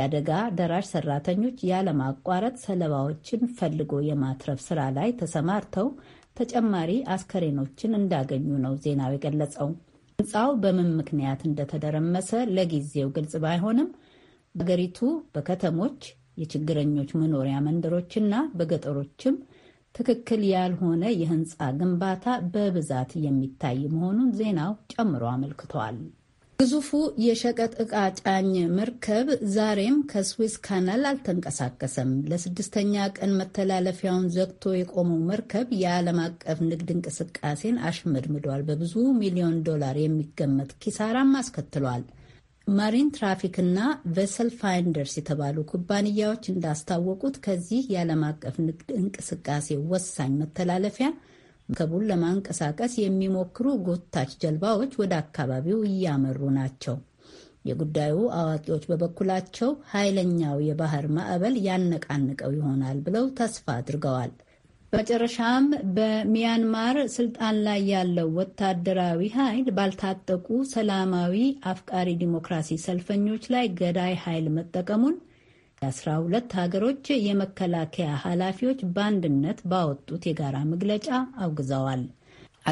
የአደጋ ደራሽ ሰራተኞች ያለማቋረጥ ሰለባዎችን ፈልጎ የማትረፍ ስራ ላይ ተሰማርተው ተጨማሪ አስከሬኖችን እንዳገኙ ነው ዜናው የገለጸው። ህንፃው በምን ምክንያት እንደተደረመሰ ለጊዜው ግልጽ ባይሆንም በሀገሪቱ በከተሞች የችግረኞች መኖሪያ መንደሮችና በገጠሮችም ትክክል ያልሆነ የህንፃ ግንባታ በብዛት የሚታይ መሆኑን ዜናው ጨምሮ አመልክቷል። ግዙፉ የሸቀጥ ዕቃ ጫኝ መርከብ ዛሬም ከስዊስ ካናል አልተንቀሳቀሰም። ለስድስተኛ ቀን መተላለፊያውን ዘግቶ የቆመው መርከብ የዓለም አቀፍ ንግድ እንቅስቃሴን አሽመድምዷል። በብዙ ሚሊዮን ዶላር የሚገመት ኪሳራም አስከትሏል። ማሪን ትራፊክ እና ቬሰል ፋይንደርስ የተባሉ ኩባንያዎች እንዳስታወቁት ከዚህ የዓለም አቀፍ ንግድ እንቅስቃሴ ወሳኝ መተላለፊያ መርከቡን ለማንቀሳቀስ የሚሞክሩ ጎታች ጀልባዎች ወደ አካባቢው እያመሩ ናቸው። የጉዳዩ አዋቂዎች በበኩላቸው ኃይለኛው የባህር ማዕበል ያነቃንቀው ይሆናል ብለው ተስፋ አድርገዋል። በመጨረሻም በሚያንማር ስልጣን ላይ ያለው ወታደራዊ ኃይል ባልታጠቁ ሰላማዊ አፍቃሪ ዲሞክራሲ ሰልፈኞች ላይ ገዳይ ኃይል መጠቀሙን የአስራ ሁለት ሀገሮች የመከላከያ ኃላፊዎች በአንድነት ባወጡት የጋራ መግለጫ አውግዘዋል።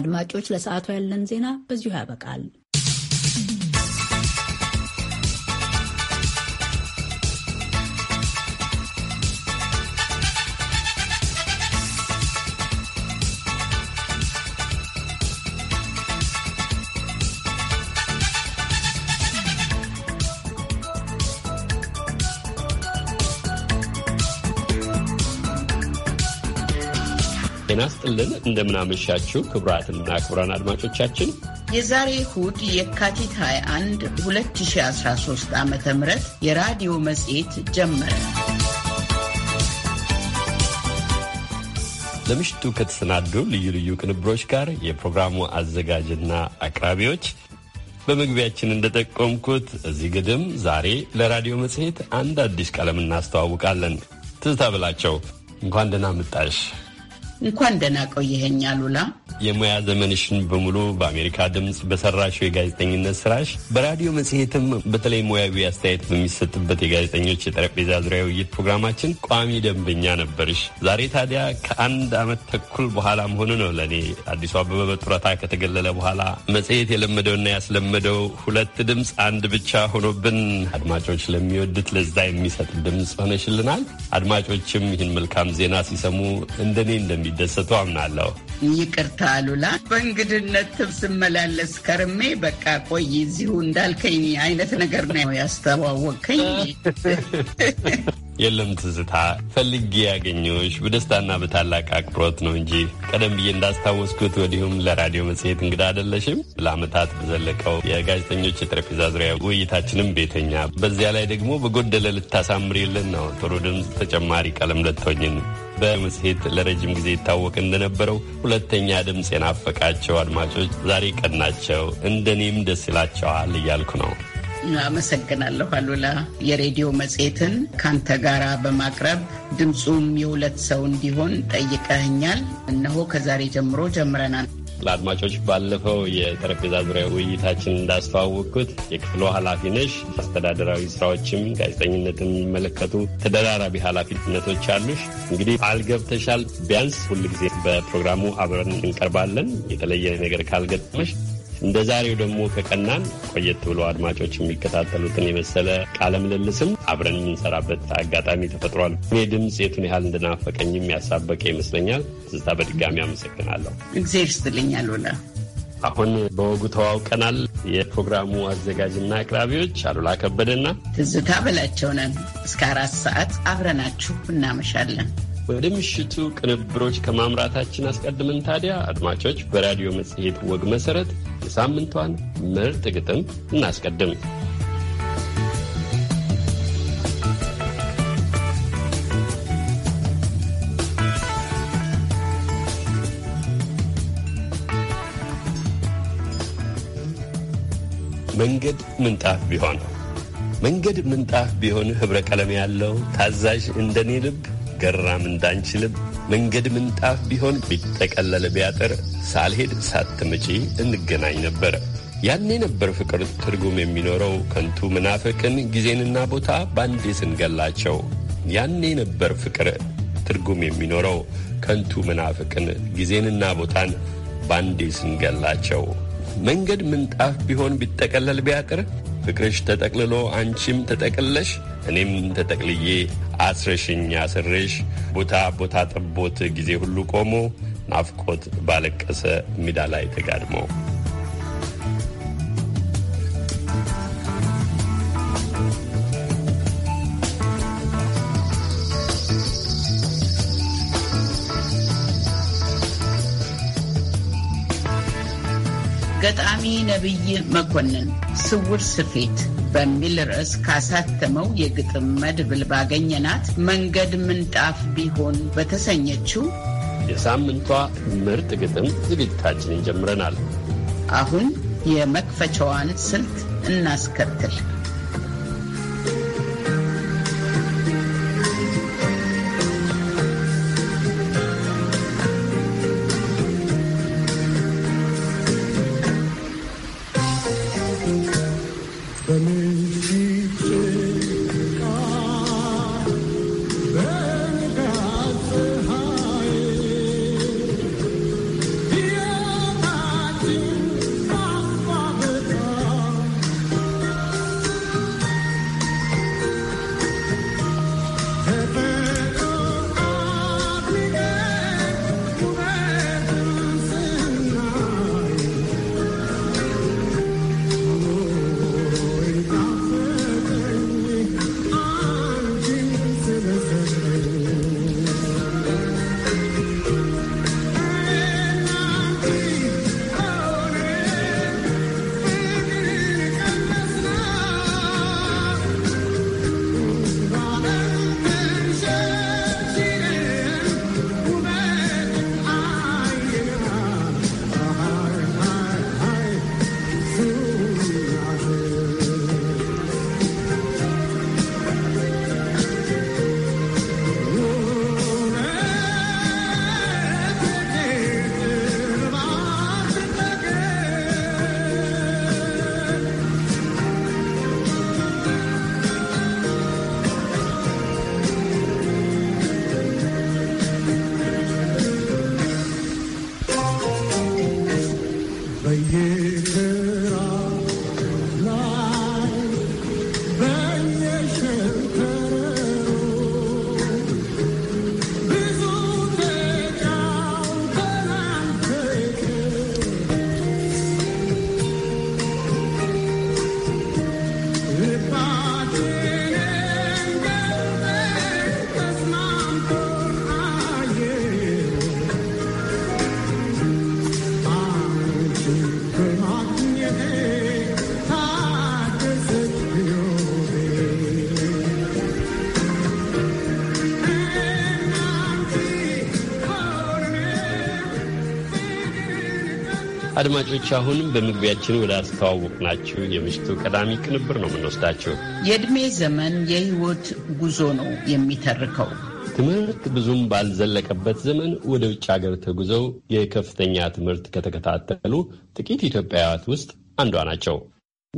አድማጮች፣ ለሰዓቱ ያለን ዜና በዚሁ ያበቃል። ጤና ስጥልን እንደምናመሻችው ክቡራትና ክቡራን አድማጮቻችን የዛሬ እሁድ የካቲት 21 2013 ዓ ም የራዲዮ መጽሔት ጀመረ። ለምሽቱ ከተሰናዱ ልዩ ልዩ ቅንብሮች ጋር የፕሮግራሙ አዘጋጅና አቅራቢዎች በመግቢያችን እንደጠቆምኩት እዚህ ግድም ዛሬ ለራዲዮ መጽሔት አንድ አዲስ ቀለም እናስተዋውቃለን። ትዝታ ብላቸው እንኳን ደህና መጣሽ። እንኳን ደህና ቆየኸኝ አሉላ። የሙያ ዘመንሽን በሙሉ በአሜሪካ ድምፅ በሰራሽው የጋዜጠኝነት ስራሽ፣ በራዲዮ መጽሔትም በተለይ ሙያዊ አስተያየት በሚሰጥበት የጋዜጠኞች የጠረጴዛ ዙሪያ ውይይት ፕሮግራማችን ቋሚ ደንበኛ ነበርሽ። ዛሬ ታዲያ ከአንድ ዓመት ተኩል በኋላ መሆኑ ነው ለእኔ አዲሱ አበበ በጡረታ ከተገለለ በኋላ መጽሔት የለመደውና ያስለመደው ሁለት ድምፅ አንድ ብቻ ሆኖብን አድማጮች ለሚወዱት ለዛ የሚሰጥ ድምፅ ሆነሽልናል። አድማጮችም ይህን መልካም ዜና ሲሰሙ እንደኔ እንደሚ እንደሚደሰቱ አምናለሁ። ይቅርታ አሉላ፣ በእንግድነት ትብስ መላለስ ከርሜ በቃ ቆይ እዚሁ እንዳልከኝ አይነት ነገር ነው ያስተዋወቅከኝ። የለም ትዝታ ፈልጌ ያገኘሁሽ በደስታና በታላቅ አክብሮት ነው እንጂ ቀደም ብዬ እንዳስታወስኩት ወዲሁም ለራዲዮ መጽሔት እንግዳ አይደለሽም። ለአመታት በዘለቀው የጋዜጠኞች የጠረጴዛ ዙሪያ ውይይታችንም ቤተኛ፣ በዚያ ላይ ደግሞ በጎደለ ልታሳምሪልን ነው ጥሩ ድምፅ፣ ተጨማሪ ቀለም ልትሆኝን በመጽሔት ለረጅም ጊዜ ይታወቅ እንደነበረው ሁለተኛ ድምፅ የናፈቃቸው አድማጮች ዛሬ ቀናቸው እንደኔም ደስ ይላቸዋል እያልኩ ነው። አመሰግናለሁ አሉላ። የሬዲዮ መጽሔትን ካንተ ጋራ በማቅረብ ድምፁም የሁለት ሰው እንዲሆን ጠይቀህኛል። እነሆ ከዛሬ ጀምሮ ጀምረናል። ለአድማጮች ባለፈው የጠረጴዛ ዙሪያ ውይይታችን እንዳስተዋወቅኩት የክፍሉ ኃላፊ ነሽ። አስተዳደራዊ ስራዎችም ጋዜጠኝነትን የሚመለከቱ ተደራራቢ ኃላፊነቶች አሉሽ። እንግዲህ አልገብተሻል። ቢያንስ ሁልጊዜ በፕሮግራሙ አብረን እንቀርባለን። የተለየ ነገር ካልገጠመሽ እንደ ዛሬው ደግሞ ከቀናን ቆየት ብሎ አድማጮች የሚከታተሉትን የመሰለ ቃለ ምልልስም አብረን የምንሰራበት አጋጣሚ ተፈጥሯል። እኔ ድምፅ የቱን ያህል እንደናፈቀኝም ያሳበቀ ይመስለኛል። ትዝታ በድጋሚ አመሰግናለሁ። እግዜር ይስጥልኛል። ሆነ አሁን በወጉ ተዋውቀናል። የፕሮግራሙ አዘጋጅና አቅራቢዎች አሉላ ከበደና ትዝታ በላቸው ነን። እስከ አራት ሰዓት አብረናችሁ እናመሻለን። ወደ ምሽቱ ቅንብሮች ከማምራታችን አስቀድመን ታዲያ አድማጮች፣ በራዲዮ መጽሔት ወግ መሠረት የሳምንቷን ምርጥ ግጥም እናስቀድም። መንገድ ምንጣፍ ቢሆን መንገድ ምንጣፍ ቢሆን ኅብረ ቀለም ያለው ታዛዥ እንደኔ ልብ ገራ እንዳንችልም መንገድ ምንጣፍ ቢሆን ቢጠቀለለ ቢያጥር ሳልሄድ ሳትመጪ እንገናኝ ነበር። ያኔ ነበር ፍቅር ትርጉም የሚኖረው። ከንቱ ምናፍቅን ጊዜንና ቦታ ባንዴ ስንገላቸው፣ ያኔ ነበር ፍቅር ትርጉም የሚኖረው። ከንቱ ምናፍቅን ጊዜንና ቦታን ባንዴ ስንገላቸው፣ መንገድ ምንጣፍ ቢሆን ቢጠቀለል ቢያጥር ፍቅርሽ ተጠቅልሎ አንቺም ተጠቅለሽ እኔም ተጠቅልዬ አስረሽኝ አስረሽ ቦታ ቦታ ጠቦት ጊዜ ሁሉ ቆሞ ናፍቆት ባለቀሰ ሜዳ ላይ ተጋድሞ ገጣሚ ነቢይ መኮንን ስውር ስፌት በሚል ርዕስ ካሳተመው የግጥም መድብል ባገኘናት መንገድ ምንጣፍ ቢሆን በተሰኘችው የሳምንቷ ምርጥ ግጥም ዝግጅታችንን ጀምረናል። አሁን የመክፈቻዋን ስልት እናስከትል። አድማጮች አሁንም በመግቢያችን ወደ አስተዋወቅናችሁ የምሽቱ ቀዳሚ ቅንብር ነው የምንወስዳችሁ። የዕድሜ ዘመን የህይወት ጉዞ ነው የሚተርከው። ትምህርት ብዙም ባልዘለቀበት ዘመን ወደ ውጭ ሀገር ተጉዘው የከፍተኛ ትምህርት ከተከታተሉ ጥቂት ኢትዮጵያውያት ውስጥ አንዷ ናቸው።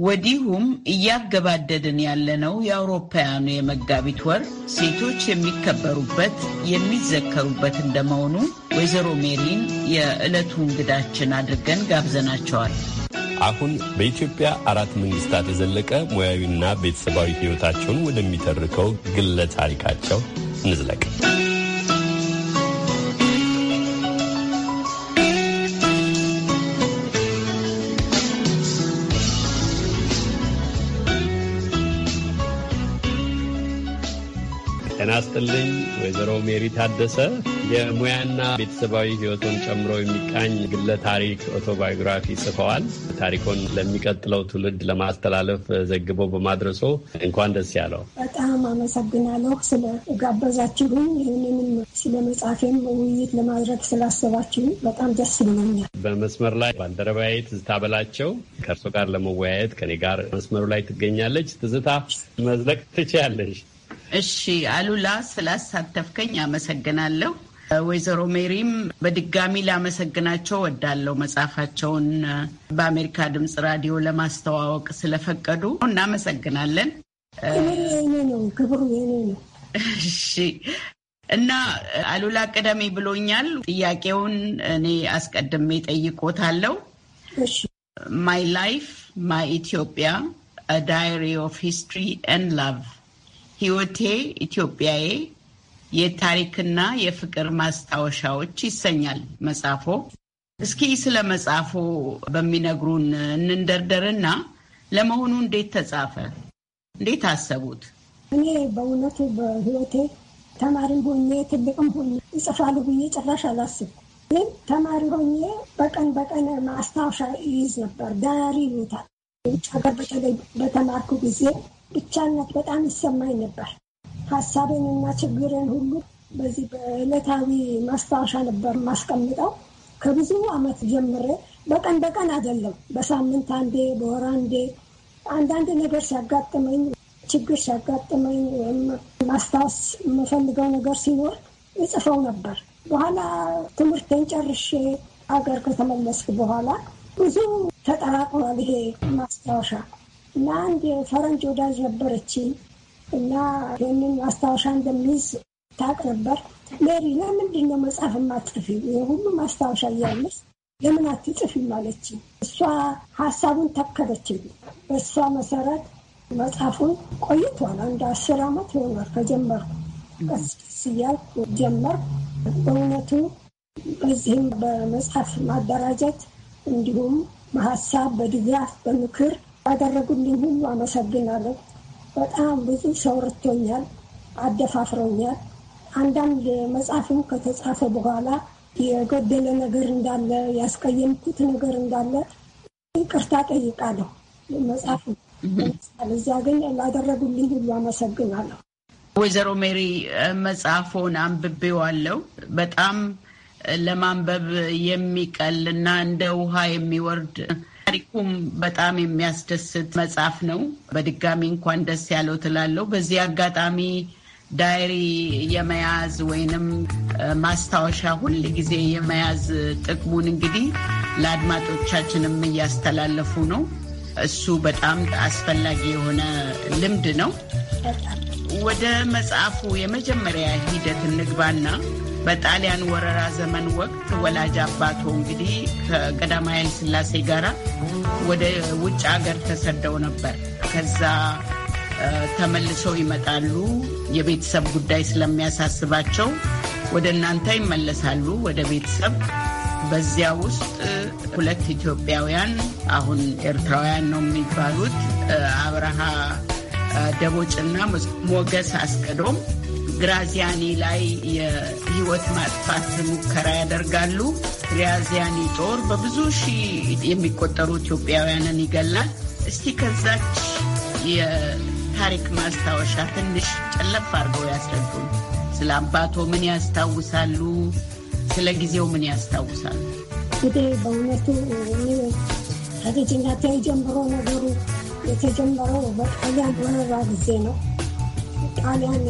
ወዲሁም እያገባደድን ያለነው የአውሮፓውያኑ የመጋቢት ወር ሴቶች የሚከበሩበት የሚዘከሩበት እንደመሆኑ ወይዘሮ ሜሪን የዕለቱ እንግዳችን አድርገን ጋብዘናቸዋል። አሁን በኢትዮጵያ አራት መንግስታት የዘለቀ ሙያዊና ቤተሰባዊ ሕይወታቸውን ወደሚተርከው ግለ ታሪካቸው እንዝለቅ። ጤና ይስጥልኝ ወይዘሮ ሜሪ ታደሰ የሙያና ቤተሰባዊ ህይወቱን ጨምሮ የሚቃኝ ግለ ታሪክ ኦቶባዮግራፊ ጽፈዋል። ታሪኮን ለሚቀጥለው ትውልድ ለማስተላለፍ ዘግበው በማድረሶ እንኳን ደስ ያለው። በጣም አመሰግናለሁ ስለጋበዛችሁ ጋበዛችሁኝ። ይህንንም ስለ መጽሐፌም ውይይት ለማድረግ ስላሰባችሁ በጣም ደስ ብሎኛል። በመስመር ላይ ባልደረባዬ ትዝታ በላቸው ከእርሶ ጋር ለመወያየት ከኔ ጋር መስመሩ ላይ ትገኛለች። ትዝታ መዝለቅ ትችያለሽ። እሺ አሉላ፣ ስላሳተፍከኝ አመሰግናለሁ። ወይዘሮ ሜሪም በድጋሚ ላመሰግናቸው ወዳለው መጽሐፋቸውን በአሜሪካ ድምፅ ራዲዮ ለማስተዋወቅ ስለፈቀዱ እናመሰግናለን። ክብሩ የኔ ነው። እሺ እና አሉላ ቀደሜ ብሎኛል። ጥያቄውን እኔ አስቀድሜ ጠይቆታለው። ማይ ላይፍ ማይ ኢትዮጵያ ዳይሪ ኦፍ ሂስትሪ ኤንድ ላቭ ሕይወቴ ኢትዮጵያዬ የታሪክና የፍቅር ማስታወሻዎች ይሰኛል መጽሐፎ። እስኪ ስለ መጽሐፎ በሚነግሩን እንንደርደርና ለመሆኑ እንዴት ተጻፈ? እንዴት አሰቡት? እኔ በእውነቱ በሕይወቴ ተማሪም ሆኜ ትልቅም ሆኜ ይጽፋሉ ብዬ ጭራሽ አላስብኩም። ግን ተማሪ ሆኜ በቀን በቀን ማስታወሻ ይይዝ ነበር። ዳያሪ ይሉታል። ውጭ ሀገር በተለይ በተማርኩ ጊዜ ብቻነት በጣም ይሰማኝ ነበር። እና ችግርን ሁሉ በዚህ በዕለታዊ ማስታወሻ ነበር ማስቀምጠው። ከብዙ አመት ጀምሬ በቀን በቀን አይደለም፣ በሳምንት አንዴ፣ በወር አንዴ አንዳንድ ነገር ሲያጋጥመኝ፣ ችግር ሲያጋጥመኝ ወይም ማስታወስ የምፈልገው ነገር ሲኖር እጽፈው ነበር። በኋላ ትምህርቴን ጨርሼ አገር ከተመለስኩ በኋላ ብዙ ተጠራቅሟል ይሄ ማስታወሻ እና አንድ ፈረንጅ ወዳጅ ነበረች እና ይህንን ማስታወሻ እንደሚይዝ ታቅ ነበር። ሜሪ ለምንድን ነው መጽሐፍ የማትጽፊ? ይህ ሁሉ ማስታወሻ እያለች ለምን አትጽፊ ማለች። እሷ ሀሳቡን ተከለች በእሷ መሰረት መጽሐፉን ቆይቷል። አንድ አስር ዓመት ይሆናል ከጀመርኩ። ቀስ ቀስ እያልኩ ጀመርኩ። በእውነቱ በዚህም በመጽሐፍ ማደራጀት እንዲሁም በሀሳብ በድጋፍ በምክር ያደረጉልኝ ሁሉ አመሰግናለሁ። በጣም ብዙ ሰው ረድቶኛል፣ አደፋፍረውኛል። አንዳንድ መጽሐፍም ከተጻፈ በኋላ የጎደለ ነገር እንዳለ ያስቀየምኩት ነገር እንዳለ ይቅርታ ጠይቃለሁ። መጽሐፍ እዚያ ግን ላደረጉልኝ ሁሉ አመሰግናለሁ። ወይዘሮ ሜሪ መጽሐፎን አንብቤዋለሁ። በጣም ለማንበብ የሚቀል እና እንደ ውሃ የሚወርድ ታሪኩም በጣም የሚያስደስት መጽሐፍ ነው። በድጋሚ እንኳን ደስ ያለው ትላለው። በዚህ አጋጣሚ ዳይሪ የመያዝ ወይንም ማስታወሻ ሁል ጊዜ የመያዝ ጥቅሙን እንግዲህ ለአድማጮቻችንም እያስተላለፉ ነው። እሱ በጣም አስፈላጊ የሆነ ልምድ ነው። ወደ መጽሐፉ የመጀመሪያ ሂደት እንግባና በጣሊያን ወረራ ዘመን ወቅት ወላጅ አባቶ እንግዲህ ከቀዳማዊ ኃይለ ሥላሴ ጋር ወደ ውጭ ሀገር ተሰደው ነበር። ከዛ ተመልሰው ይመጣሉ። የቤተሰብ ጉዳይ ስለሚያሳስባቸው ወደ እናንተ ይመለሳሉ፣ ወደ ቤተሰብ። በዚያ ውስጥ ሁለት ኢትዮጵያውያን አሁን ኤርትራውያን ነው የሚባሉት አብረሃ ደቦጭና ሞገስ አስቀዶም ግራዚያኒ ላይ የህይወት ማጥፋት ሙከራ ያደርጋሉ። ግራዚያኒ ጦር በብዙ ሺህ የሚቆጠሩ ኢትዮጵያውያንን ይገላል። እስቲ ከዛች የታሪክ ማስታወሻ ትንሽ ጨለፍ አድርገው ያስረዱ። ስለ አባቶ ምን ያስታውሳሉ? ስለ ጊዜው ምን ያስታውሳሉ? እንግዲህ በእውነቱ ከልጅነቴ ጀምሮ ነገሩ የተጀመረው በጣሊያን ወረራ ጊዜ ነው። ጣሊያን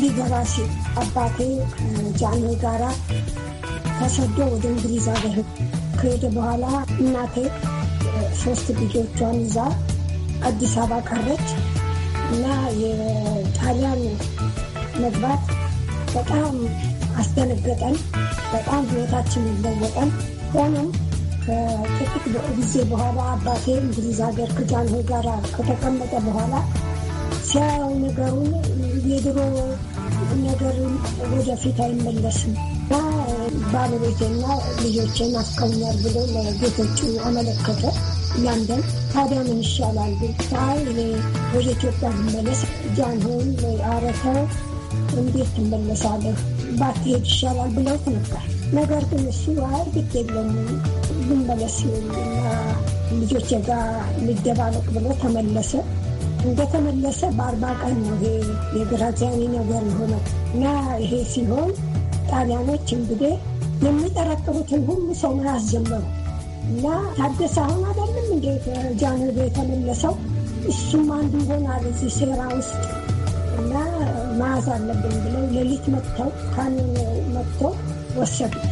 ሊገባ ሲል አባቴ ጃኔ ጋራ ተሰዶ ወደ እንግሊዝ ሀገር ከሄደ በኋላ እናቴ ሶስት ልጆቿን ይዛ አዲስ አበባ ቀረች እና የጣሊያን መግባት በጣም አስደነገጠን። በጣም ህይወታችን ይለወጠን። ሆኖም ከጥቂት ጊዜ በኋላ አባቴ እንግሊዝ ሀገር ከጃንሆይ ጋር ከተቀመጠ በኋላ ሲያየው ነገሩን የድሮ ነገር ወደፊት አይመለስም ባለቤቴና ልጆቼን አስቀኛል ብሎ ለጌቶቹ አመለከተ። ለንደን ታዲያ ምን ይሻላል? አይ ወደ ኢትዮጵያ ብመለስ ጃንሆን አረተ እንዴት ትመለሳለህ? ባትሄድ ይሻላል ብለውት ነበር። ነገር ግን እሱ አይ ግድ የለም ብመለስ ልጆቼ ጋር ልደባለቅ ብሎ ተመለሰ። እንደተመለሰ በአርባ ቀን ነው ይሄ የግራዚያኒ ነገር የሆነው እና ይሄ ሲሆን ጣሊያኖች እንግዲህ የሚጠረጥሩትን ሁሉ ሰው መያዝ ጀመሩ እና ታደሰ አሁን አይደለም እንዴት ጃንሆይ የተመለሰው እሱም አንዱ ይሆናል እዚህ ሴራ ውስጥ እና መያዝ አለብን ብለው ሌሊት መጥተው ካንን መጥተው ወሰዱት።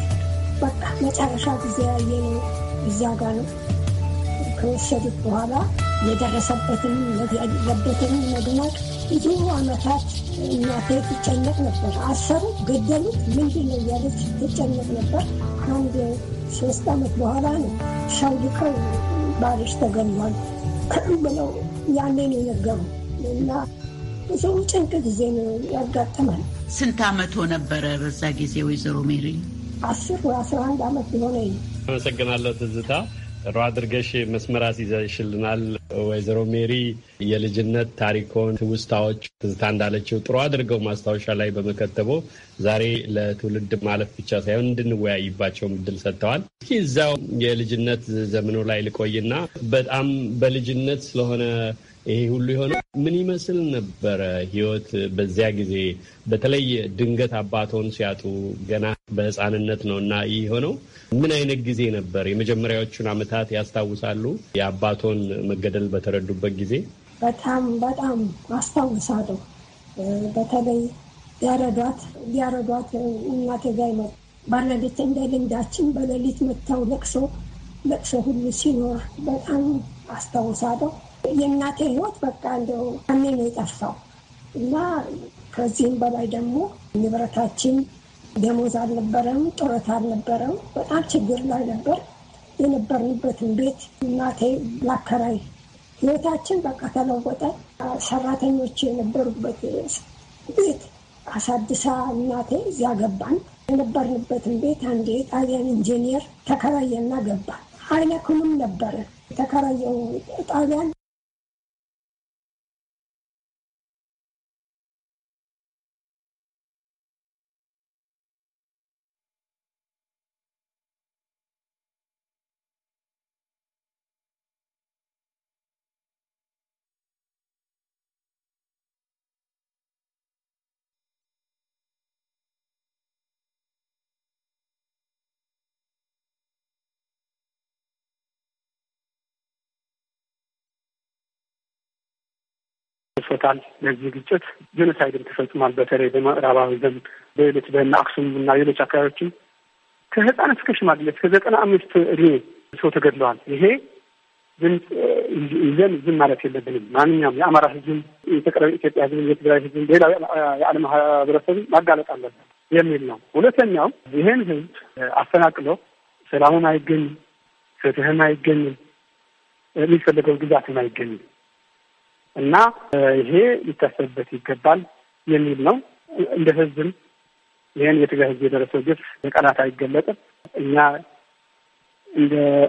በቃ መጨረሻ ጊዜ ያየ እዛ ጋር ነው ከወሰዱት በኋላ የደረሰበትን ያለበትንም መድማቅ ብዙ አመታት እናቴ ትጨነቅ ነበር። አሰሩ ገደሉት፣ ምንድን ነው እያለች ትጨነቅ ነበር። አንድ ሶስት አመት በኋላ ነው ሸውድቀው ባልሽ ተገድሏል ብለው ያኔ ነው የነገሩ እና ብዙ ጭንቅ ጊዜ ነው ያጋጥማል። ስንት አመቶ ነበረ በዛ ጊዜ ወይዘሮ ሜሪ? አስር ወይ አስራ አንድ አመት ሊሆነ። አመሰግናለሁ ትዝታ። ጥሩ አድርገሽ መስመር አስይዘሽልናል። ወይዘሮ ሜሪ የልጅነት ታሪኮን ትውስታዎች፣ ትዝታ እንዳለችው ጥሩ አድርገው ማስታወሻ ላይ በመከተቦ ዛሬ ለትውልድ ማለፍ ብቻ ሳይሆን እንድንወያይባቸው ምድል ሰጥተዋል። እስኪ እዛው የልጅነት ዘመኖ ላይ ልቆይና በጣም በልጅነት ስለሆነ ይሄ ሁሉ የሆነው ምን ይመስል ነበረ ህይወት በዚያ ጊዜ? በተለይ ድንገት አባቶን ሲያጡ ገና በህፃንነት ነው እና ይህ የሆነው ምን አይነት ጊዜ ነበር? የመጀመሪያዎቹን አመታት ያስታውሳሉ? የአባቶን መገደል በተረዱበት ጊዜ በጣም በጣም አስታውሳለሁ። በተለይ ያረዷት ያረዷት እናቴ ጋር ባለቤት እንደ ልምዳችን በሌሊት መጥተው ለቅሶ ለቅሶ ሁሉ ሲኖር በጣም አስታውሳለሁ። የእናቴ ህይወት በቃ እንደው ከኔ ነው የጠፋው እና ከዚህም በላይ ደግሞ ንብረታችን ደሞዝ አልነበረም፣ ጡረታ አልነበረም። በጣም ችግር ላይ ነበር የነበርንበትን ቤት እናቴ ላከራይ ህይወታችን በቃ ተለወጠ። ሰራተኞች የነበሩበት ቤት አሳድሳ እናቴ እዚያ ገባን። የነበርንበትን ቤት አንድ የጣሊያን ኢንጂነር ተከራየና ገባ። አይነኩንም ነበረ የተከራየው ጣሊያን አድርሶታል። ለዚህ ግጭት ጄኖሳይድም ተፈጽሟል። በተለይ በምዕራባዊ ዘም በሌሎች በና አክሱም እና ሌሎች አካባቢዎችም ከህፃናት እስከ ሽማግሌ እስከ ዘጠና አምስት እድሜ ሰው ተገድለዋል። ይሄ ድምፅ ይዘን ዝም ማለት የለብንም። ማንኛውም የአማራ ህዝብም፣ የተቀረ ኢትዮጵያ ህዝብም፣ የትግራይ ህዝብም፣ ሌላ የዓለም ማህበረሰብ ማጋለጥ አለበት የሚል ነው። ሁለተኛው ይህን ህዝብ አፈናቅሎ ሰላሙም አይገኝም፣ ፍትህም አይገኝም፣ የሚፈለገው ግዛትም አይገኝም። እና ይሄ ሊታሰብበት ይገባል የሚል ነው። እንደ ህዝብም ይህን የትግራይ ህዝብ የደረሰው ግፍ በቃላት አይገለጥም። እኛ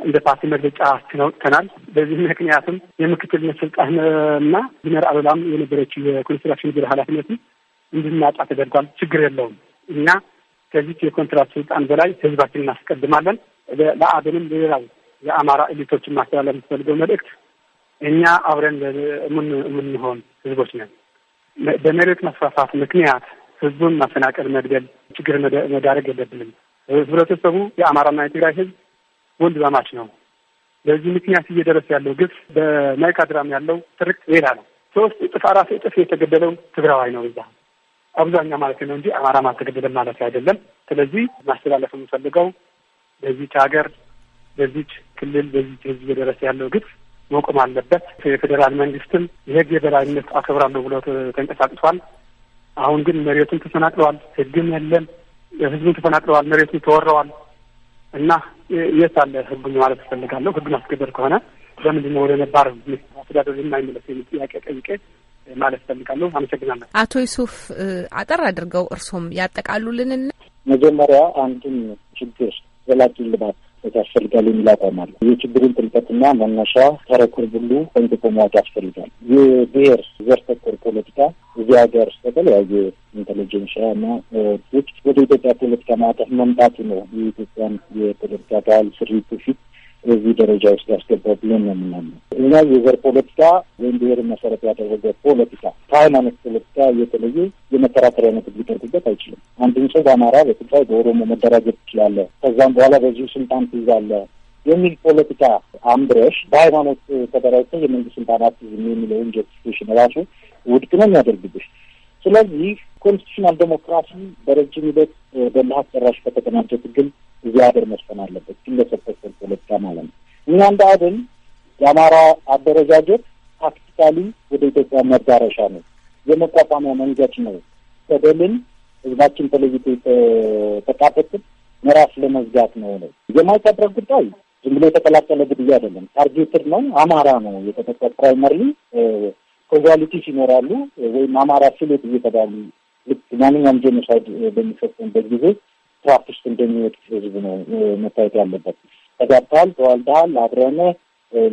እንደ ፓርቲ መግለጫ አውጥተናል። በዚህ ምክንያቱም የምክትልነት እና ቢነር አሉላም የነበረችው የኮንስትራክሽን ቢሮ ኃላፊነትም እንድናጣ ተደርጓል። ችግር የለውም። እኛ ከዚህ የኮንትራት ስልጣን በላይ ህዝባችን እናስቀድማለን። ለአብንም ሌላው የአማራ ኤሊቶችን ማስተላለፍ የምትፈልገው መልእክት እኛ አብረን የምንሆን ህዝቦች ነን። በመሬት መስፋፋት ምክንያት ህዝቡን ማፈናቀል፣ መግደል፣ ችግር መዳረግ የለብንም። ህብረተሰቡ የአማራና የትግራይ ህዝብ ወንድማማች ነው። በዚህ ምክንያት እየደረሰ ያለው ግፍ በማይካድራም ያለው ትርክ ሌላ ነው። ሶስት እጥፍ አራት እጥፍ የተገደለው ትግራዋይ ነው እዛ አብዛኛው ማለት ነው እንጂ አማራ አልተገደለም ማለት አይደለም። ስለዚህ ማስተላለፍ የምፈልገው በዚች ሀገር፣ በዚች ክልል፣ በዚች ህዝብ እየደረሰ ያለው ግፍ መቆም አለበት። የፌዴራል መንግስትም የህግ የበላይነት አከብራለሁ ብሎ ተንቀሳቅሷል። አሁን ግን መሬቱን ተፈናቅለዋል፣ ህግም የለም። ህዝቡን ተፈናቅለዋል፣ መሬቱን ተወረዋል። እና የት አለ ህጉ ማለት እፈልጋለሁ። ህግ ማስገበር ከሆነ ለምንድን ነው ወደ ነባር አስተዳደር የማይመለስ የሚል ጥያቄ ጠይቄ ማለት እፈልጋለሁ። አመሰግናለሁ። አቶ ይሱፍ አጠር አድርገው እርሶም ያጠቃሉልንና መጀመሪያ አንድን ችግር ዘላቂ ልባት ያስፈልጋል የሚል አቋም አለ። የችግሩን ጥልቀትና መነሻ ተረኩር ሁሉ ፈንጥቆ ማወቅ ያስፈልጋል። የብሔር ዘር ተኮር ፖለቲካ እዚህ ሀገር በተለያየ ኢንቴሊጀንስና ዎች ወደ ኢትዮጵያ ፖለቲካ ማዕቀፍ መምጣቱ ነው የኢትዮጵያን የፖለቲካ ባህል ስሪቱ ፊት በዚህ ደረጃ ውስጥ ያስገባው ብለን ነው የምናምነው። እኛ የዘር ፖለቲካ ወይም ብሔር መሰረት ያደረገ ፖለቲካ ከሃይማኖት ፖለቲካ እየተለየ የመከራከሪያ ነጥብ ሊደርግበት አይችልም። አንድን ሰው በአማራ፣ በትግራይ፣ በኦሮሞ መደራጀት ትችላለህ፣ ከዛም በኋላ በዚሁ ስልጣን ትይዛለ የሚል ፖለቲካ አምብረሽ በሃይማኖት ተደራጅተ የመንግስት ስልጣን አትይዝም የሚለው ጀስቲፊኬሽን ራሱ ውድቅ ነው የሚያደርግብሽ። ስለዚህ ኮንስቲቱሽናል ዴሞክራሲ በረጅም ሂደት በልሀት ጨራሽ ከተቀናጀ ትግል እዚህ ሀገር መስፈን አለበት። ግለሰብ ተኮር ፖለቲካ ማለት ነው። እኛ እንደ አብን የአማራ አደረጃጀት ታክቲካሊ ወደ ኢትዮጵያ መዳረሻ ነው፣ የመቋቋሚያ መንገድ ነው። በደልን ህዝባችን ተለይቶ ተቃጠትን ምዕራፍ ለመዝጋት ነው ነው የማይታደረግ ጉዳይ ዝም ብሎ የተቀላቀለ ግድያ አይደለም። ታርጌትድ ነው። አማራ ነው የተጠቀ ፕራይመሪ ኮዛሊቲስ ይኖራሉ ወይም አማራ ስሌት እየተባሉ ልክ ማንኛውም ጄኖሳይድ በሚፈጽሙበት ጊዜ ትራፕ ውስጥ እንደሚወጡ ህዝብ ነው መታየት ያለበት። ተጋብተሃል፣ ተዋልደሃል፣ አብረነ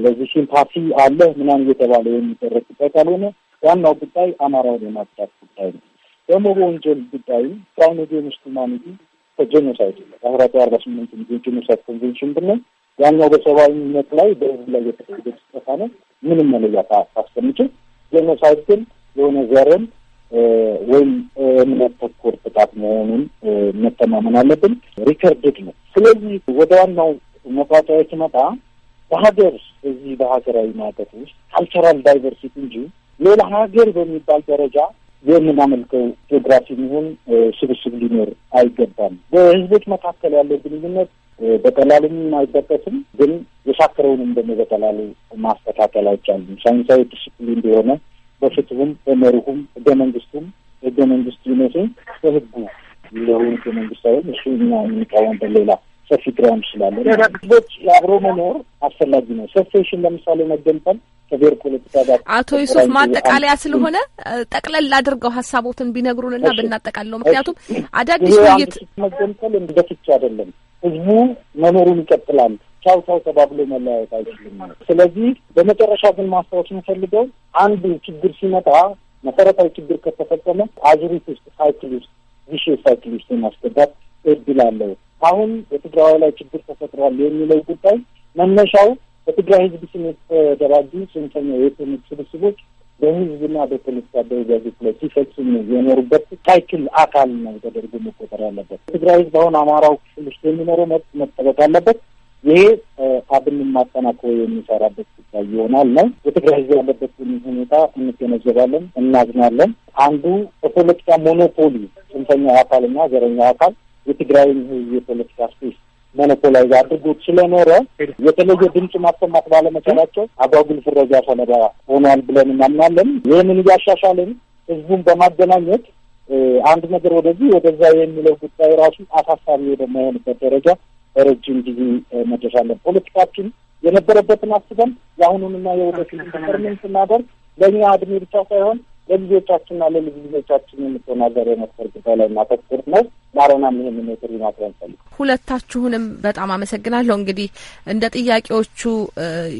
ለዚህ ሲምፓቲ አለ ምናምን እየተባለ የሚደረግ ጉዳይ ካልሆነ ዋናው ጉዳይ አማራውን የማጽዳት ጉዳይ ነው። ደግሞ በወንጀል ጉዳዩ ፕራይኖጌን ውስጥ ማንጊ ከጄኖሳይድ አስራ አርባ ስምንት ጄኖሳይድ ኮንቬንሽን ብለን ያኛው በሰብአዊነት ላይ በህዝብ ላይ የተደረገ ጭፍጨፋ ነው። ምንም መለያ አያስቀምጥም። ጄኖሳይድ የሆነ ዘርን ወይም እምነት ተኮር ጥቃት መሆኑን መተማመን አለብን። ሪከርድድ ነው። ስለዚህ ወደ ዋናው መቋጫዎች መጣ በሀገር እዚህ በሀገራዊ ማዕቀፍ ውስጥ ካልቸራል ዳይቨርሲቲ እንጂ ሌላ ሀገር በሚባል ደረጃ የምናመልከው ጂኦግራፊ ሚሆን ስብስብ ሊኖር አይገባም። በህዝቦች መካከል ያለው ግንኙነት በቀላሉም አይጠቀስም፣ ግን የሻከረውንም ደግሞ በቀላሉ ማስተካከላዎች አሉ። ሳይንሳዊ ዲስፕሊን እንደሆነ በፍትሁም፣ በመርሁም፣ ህገ መንግስቱም ህገ መንግስት ይነቱም በህጉ ለሆኑ ህገ መንግስት አይሆን እሱ እኛ የሚቃወምበት ሌላ ሰፊ ግራውንድ ስላለ ህዝቦች አብሮ መኖር አስፈላጊ ነው። ሰፌሽን ለምሳሌ መገንጠል ከብሔር ፖለቲካ ጋር አቶ ዩሱፍ ማጠቃለያ ስለሆነ ጠቅለል አድርገው ሀሳቦትን ቢነግሩንና ብናጠቃለው ምክንያቱም አዳዲስ ውይይት መገንጠል እንደትች አይደለም ህዝቡ መኖሩን ይቀጥላል። ቻው ቻው ተባብሎ መለያየት አይችልም። ስለዚህ በመጨረሻ ግን ማስታወስ የምፈልገው አንዱ ችግር ሲመጣ መሰረታዊ ችግር ከተፈጸመ አዙሪት ውስጥ ሳይክል ውስጥ ቪሽ ሳይክል ውስጥ የማስገባት እድል አለው። አሁን በትግራዋ ላይ ችግር ተፈጥሯል የሚለው ጉዳይ መነሻው በትግራይ ህዝብ ስም የተደራጁ ጽንፈኛ የኢኮኖሚክ ስብስቦች በህዝብና በፖለቲካ አደረጃጀት ላይ ሲፈጽሙ የኖሩበት ሳይክል አካል ነው ተደርጎ መቆጠር ያለበት። ትግራይ ህዝብ አሁን አማራው ክፍል ውስጥ የሚኖረው መብት መጠበቅ አለበት። ይሄ አብን ማጠናክሮ የሚሰራበት ጉዳይ ይሆናል ነው። የትግራይ ህዝብ ያለበት ሁኔታ እንገነዘባለን፣ እናዝናለን። አንዱ በፖለቲካ ሞኖፖሊ ጽንፈኛው አካልና ዘረኛው አካል የትግራይን ህዝብ የፖለቲካ ስፔስ ሞኖፖላይዝ አድርጎት ስለኖረ የተለየ ድምፅ ማሰማት ባለመቻላቸው አጓጉል ፍረጃ ሰለባ ሆኗል ብለን እናምናለን። ይህንን እያሻሻልን ህዝቡን በማገናኘት አንድ ነገር ወደዚህ ወደዛ የሚለው ጉዳይ ራሱ አሳሳቢ ወደማይሆንበት ደረጃ በረጅም ጊዜ መደሻለን። ፖለቲካችን የነበረበትን አስበን የአሁኑንና የወደፊት ፐርሜንት ስናደርግ ለእኛ እድሜ ብቻ ሳይሆን ለልጆቻችንና ለልጅ ልጆቻችን የምትሆን ሀገር ጉዳይ ላይ ማተኩር ነው። ማረናም ይህን ሜትር ማቅረብ ፈልግ ሁለታችሁንም በጣም አመሰግናለሁ። እንግዲህ እንደ ጥያቄዎቹ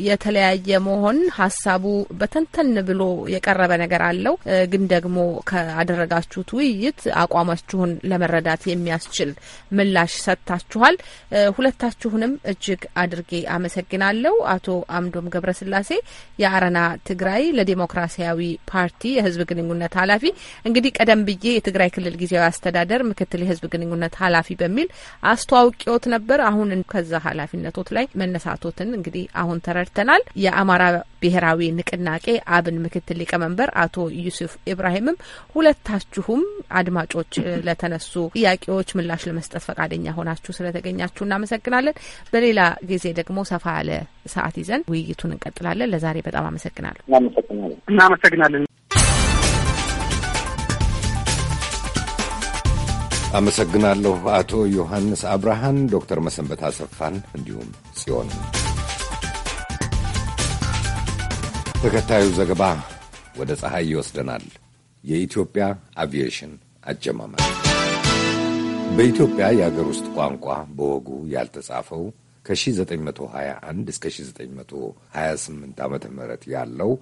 የተለያየ መሆን ሀሳቡ በተንተን ብሎ የቀረበ ነገር አለው፣ ግን ደግሞ ከአደረጋችሁት ውይይት አቋማችሁን ለመረዳት የሚያስችል ምላሽ ሰጥታችኋል። ሁለታችሁንም እጅግ አድርጌ አመሰግናለሁ። አቶ አምዶም ገብረስላሴ የአረና ትግራይ ለዲሞክራሲያዊ ፓርቲ የህዝብ ግንኙነት ኃላፊ እንግዲህ ቀደም ብዬ የትግራይ ክልል ጊዜያዊ አስተዳደር ምክትል የህዝብ ግንኙነት ኃላፊ በሚል አስተዋውቂዎት ነበር። አሁን ከዛ ኃላፊነቶት ላይ መነሳቶትን እንግዲህ አሁን ተረድተናል። የአማራ ብሔራዊ ንቅናቄ አብን ምክትል ሊቀመንበር አቶ ዩሱፍ ኢብራሂምም ሁለታችሁም አድማጮች ለተነሱ ጥያቄዎች ምላሽ ለመስጠት ፈቃደኛ ሆናችሁ ስለተገኛችሁ እናመሰግናለን። በሌላ ጊዜ ደግሞ ሰፋ ያለ ሰዓት ይዘን ውይይቱን እንቀጥላለን። ለዛሬ በጣም አመሰግናለሁ። እናመሰግናለን። አመሰግናለሁ አቶ ዮሐንስ አብርሃን፣ ዶክተር መሰንበት አሰፋን እንዲሁም ጽዮን። ተከታዩ ዘገባ ወደ ፀሐይ ይወስደናል። የኢትዮጵያ አቪዬሽን አጀማመር። በኢትዮጵያ የአገር ውስጥ ቋንቋ በወጉ ያልተጻፈው ከ1921 እስከ 1928 ዓ ም ያለው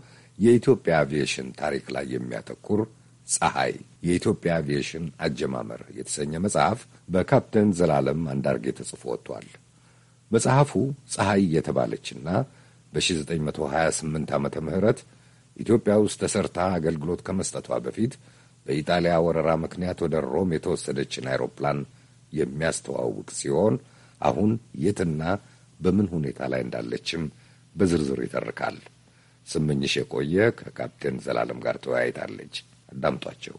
የኢትዮጵያ አቪዬሽን ታሪክ ላይ የሚያተኩር ፀሐይ የኢትዮጵያ አቪዬሽን አጀማመር የተሰኘ መጽሐፍ በካፕቴን ዘላለም አንዳርጌ ተጽፎ ወጥቷል። መጽሐፉ ፀሐይ የተባለችና በ1928 ዓመተ ምህረት ኢትዮጵያ ውስጥ ተሰርታ አገልግሎት ከመስጠቷ በፊት በኢጣሊያ ወረራ ምክንያት ወደ ሮም የተወሰደችን አይሮፕላን የሚያስተዋውቅ ሲሆን አሁን የትና በምን ሁኔታ ላይ እንዳለችም በዝርዝር ይተርካል። ስምኝሽ የቆየ ከካፕቴን ዘላለም ጋር ተወያይታለች። አዳምጧቸው።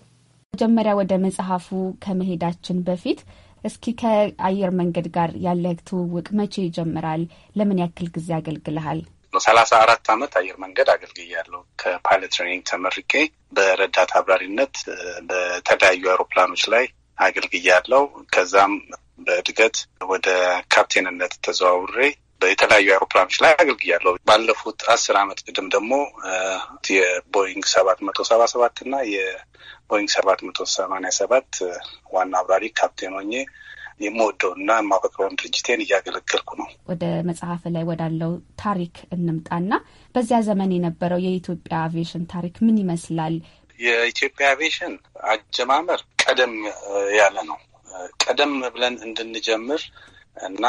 መጀመሪያ ወደ መጽሐፉ ከመሄዳችን በፊት እስኪ ከአየር መንገድ ጋር ያለህ ትውውቅ መቼ ይጀምራል? ለምን ያክል ጊዜ አገልግልሃል? ሰላሳ አራት ዓመት አየር መንገድ አገልግያለሁ። ከፓይለት ትሬኒንግ ተመርቄ በረዳት አብራሪነት በተለያዩ አውሮፕላኖች ላይ አገልግያለሁ። ከዛም በእድገት ወደ ካፕቴንነት ተዘዋውሬ የተለያዩ አውሮፕላኖች ላይ አገልግያለሁ። ባለፉት አስር አመት ቅድም ደግሞ የቦይንግ ሰባት መቶ ሰባ ሰባት እና የቦይንግ ሰባት መቶ ሰማኒያ ሰባት ዋና አብራሪ ካፕቴን ሆኜ እና የማፈቅረውን ድርጅቴን እያገለገልኩ ነው። ወደ መጽሐፍ ላይ ወዳለው ታሪክ እንምጣና በዚያ ዘመን የነበረው የኢትዮጵያ አቪዬሽን ታሪክ ምን ይመስላል? የኢትዮጵያ አቪዬሽን አጀማመር ቀደም ያለ ነው። ቀደም ብለን እንድንጀምር እና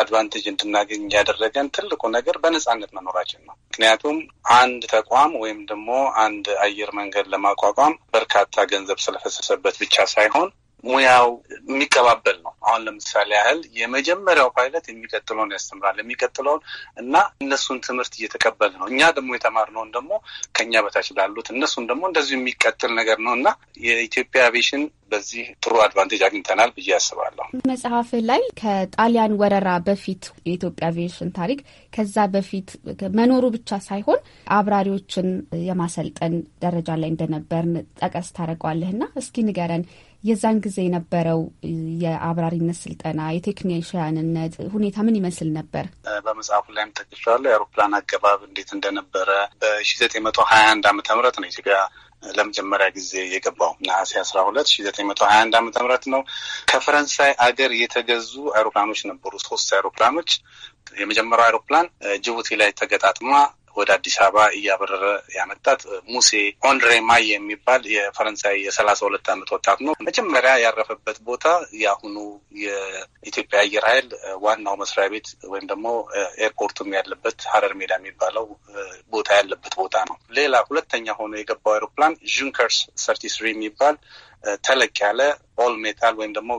አድቫንቴጅ እንድናገኝ ያደረገን ትልቁ ነገር በነፃነት መኖራችን ነው። ምክንያቱም አንድ ተቋም ወይም ደግሞ አንድ አየር መንገድ ለማቋቋም በርካታ ገንዘብ ስለፈሰሰበት ብቻ ሳይሆን ሙያው የሚቀባበል ነው። አሁን ለምሳሌ ያህል የመጀመሪያው ፓይለት የሚቀጥለውን ያስተምራል የሚቀጥለውን እና እነሱን ትምህርት እየተቀበል ነው። እኛ ደግሞ የተማርነውን ደግሞ ከኛ በታች ላሉት እነሱን ደግሞ እንደዚሁ የሚቀጥል ነገር ነው እና የኢትዮጵያ አቪዬሽን በዚህ ጥሩ አድቫንቴጅ አግኝተናል ብዬ አስባለሁ። መጽሐፍ ላይ ከጣሊያን ወረራ በፊት የኢትዮጵያ አቪዬሽን ታሪክ ከዛ በፊት መኖሩ ብቻ ሳይሆን አብራሪዎችን የማሰልጠን ደረጃ ላይ እንደነበርን ጠቀስ ታደርገዋለህ እና እስኪ ንገረን የዛን ጊዜ የነበረው የአብራሪነት ስልጠና የቴክኒሽያንነት ሁኔታ ምን ይመስል ነበር? በመጽሐፉ ላይም ጠቅሻለሁ። የአውሮፕላን አገባብ እንዴት እንደነበረ በሺ ዘጠኝ መቶ ሀያ አንድ ዓመተ ምህረት ነው ኢትዮጵያ ለመጀመሪያ ጊዜ የገባው ነሐሴ አስራ ሁለት ሺ ዘጠኝ መቶ ሀያ አንድ ዓመተ ምህረት ነው። ከፈረንሳይ አገር የተገዙ አይሮፕላኖች ነበሩ፣ ሶስት አይሮፕላኖች። የመጀመሪያው አይሮፕላን ጅቡቲ ላይ ተገጣጥማ ወደ አዲስ አበባ እያበረረ ያመጣት ሙሴ ኦንድሬ ማይ የሚባል የፈረንሳይ የሰላሳ ሁለት ዓመት ወጣት ነው። መጀመሪያ ያረፈበት ቦታ የአሁኑ የኢትዮጵያ አየር ኃይል ዋናው መስሪያ ቤት ወይም ደግሞ ኤርፖርቱም ያለበት ሀረር ሜዳ የሚባለው ቦታ ያለበት ቦታ ነው። ሌላ ሁለተኛ ሆኖ የገባው አይሮፕላን ዥንከርስ ሰርቲስሪ የሚባል ተለቅ ያለ ኦል ሜታል ወይም ደግሞ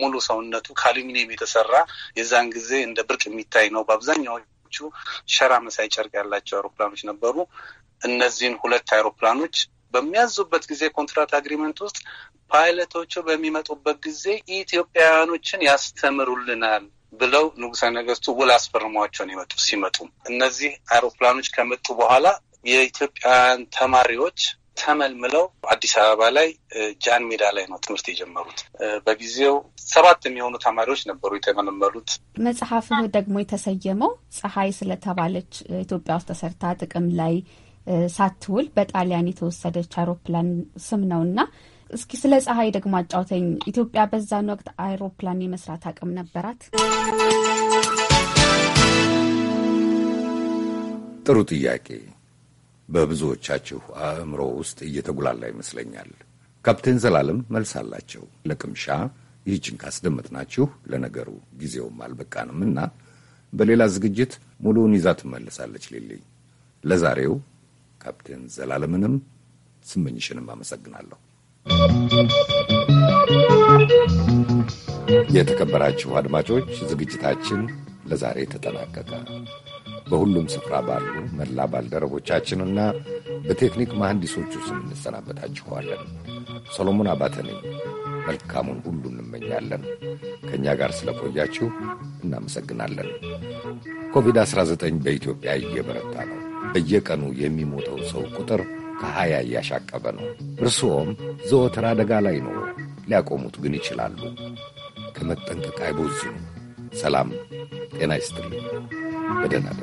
ሙሉ ሰውነቱ ከአሉሚኒየም የተሰራ የዛን ጊዜ እንደ ብርቅ የሚታይ ነው። በአብዛኛው ያላቸው ሸራ መሳይ ጨርቅ ያላቸው አውሮፕላኖች ነበሩ። እነዚህን ሁለት አውሮፕላኖች በሚያዙበት ጊዜ ኮንትራት አግሪመንት ውስጥ ፓይለቶቹ በሚመጡበት ጊዜ ኢትዮጵያውያኖችን ያስተምሩልናል ብለው ንጉሠ ነገሥቱ ውል አስፈርሟቸውን ይመጡ ሲመጡ እነዚህ አውሮፕላኖች ከመጡ በኋላ የኢትዮጵያውያን ተማሪዎች ተመልምለው አዲስ አበባ ላይ ጃን ሜዳ ላይ ነው ትምህርት የጀመሩት። በጊዜው ሰባት የሚሆኑ ተማሪዎች ነበሩ የተመለመሉት። መጽሐፍህ ደግሞ የተሰየመው ፀሐይ ስለተባለች ኢትዮጵያ ውስጥ ተሰርታ ጥቅም ላይ ሳትውል በጣሊያን የተወሰደች አውሮፕላን ስም ነው እና እስኪ ስለ ፀሐይ ደግሞ አጫውተኝ። ኢትዮጵያ በዛን ወቅት አውሮፕላን የመስራት አቅም ነበራት? ጥሩ ጥያቄ። በብዙዎቻችሁ አእምሮ ውስጥ እየተጉላላ ይመስለኛል። ካፕቴን ዘላለም መልስ አላቸው። ለቅምሻ ይህችን ካስደመጥናችሁ ለነገሩ ጊዜውም አልበቃንም እና በሌላ ዝግጅት ሙሉውን ይዛ ትመለሳለች። ሌልኝ ለዛሬው ካፕቴን ዘላለምንም ስመኝሽንም አመሰግናለሁ። የተከበራችሁ አድማጮች ዝግጅታችን ለዛሬ ተጠናቀቀ። በሁሉም ስፍራ ባሉ መላ ባልደረቦቻችንና በቴክኒክ መሐንዲሶቹ ስም እንሰናበታችኋለን። ሰሎሞን አባተ ነኝ። መልካሙን ሁሉ እንመኛለን። ከእኛ ጋር ስለቆያችሁ እናመሰግናለን። ኮቪድ-19 በኢትዮጵያ እየበረታ ነው። በየቀኑ የሚሞተው ሰው ቁጥር ከሀያ እያሻቀበ ነው። እርስዎም ዘወትር አደጋ ላይ ነው። ሊያቆሙት ግን ይችላሉ። ከመጠንቀቅ አይቦዝኑ። Salam Tena istri Badan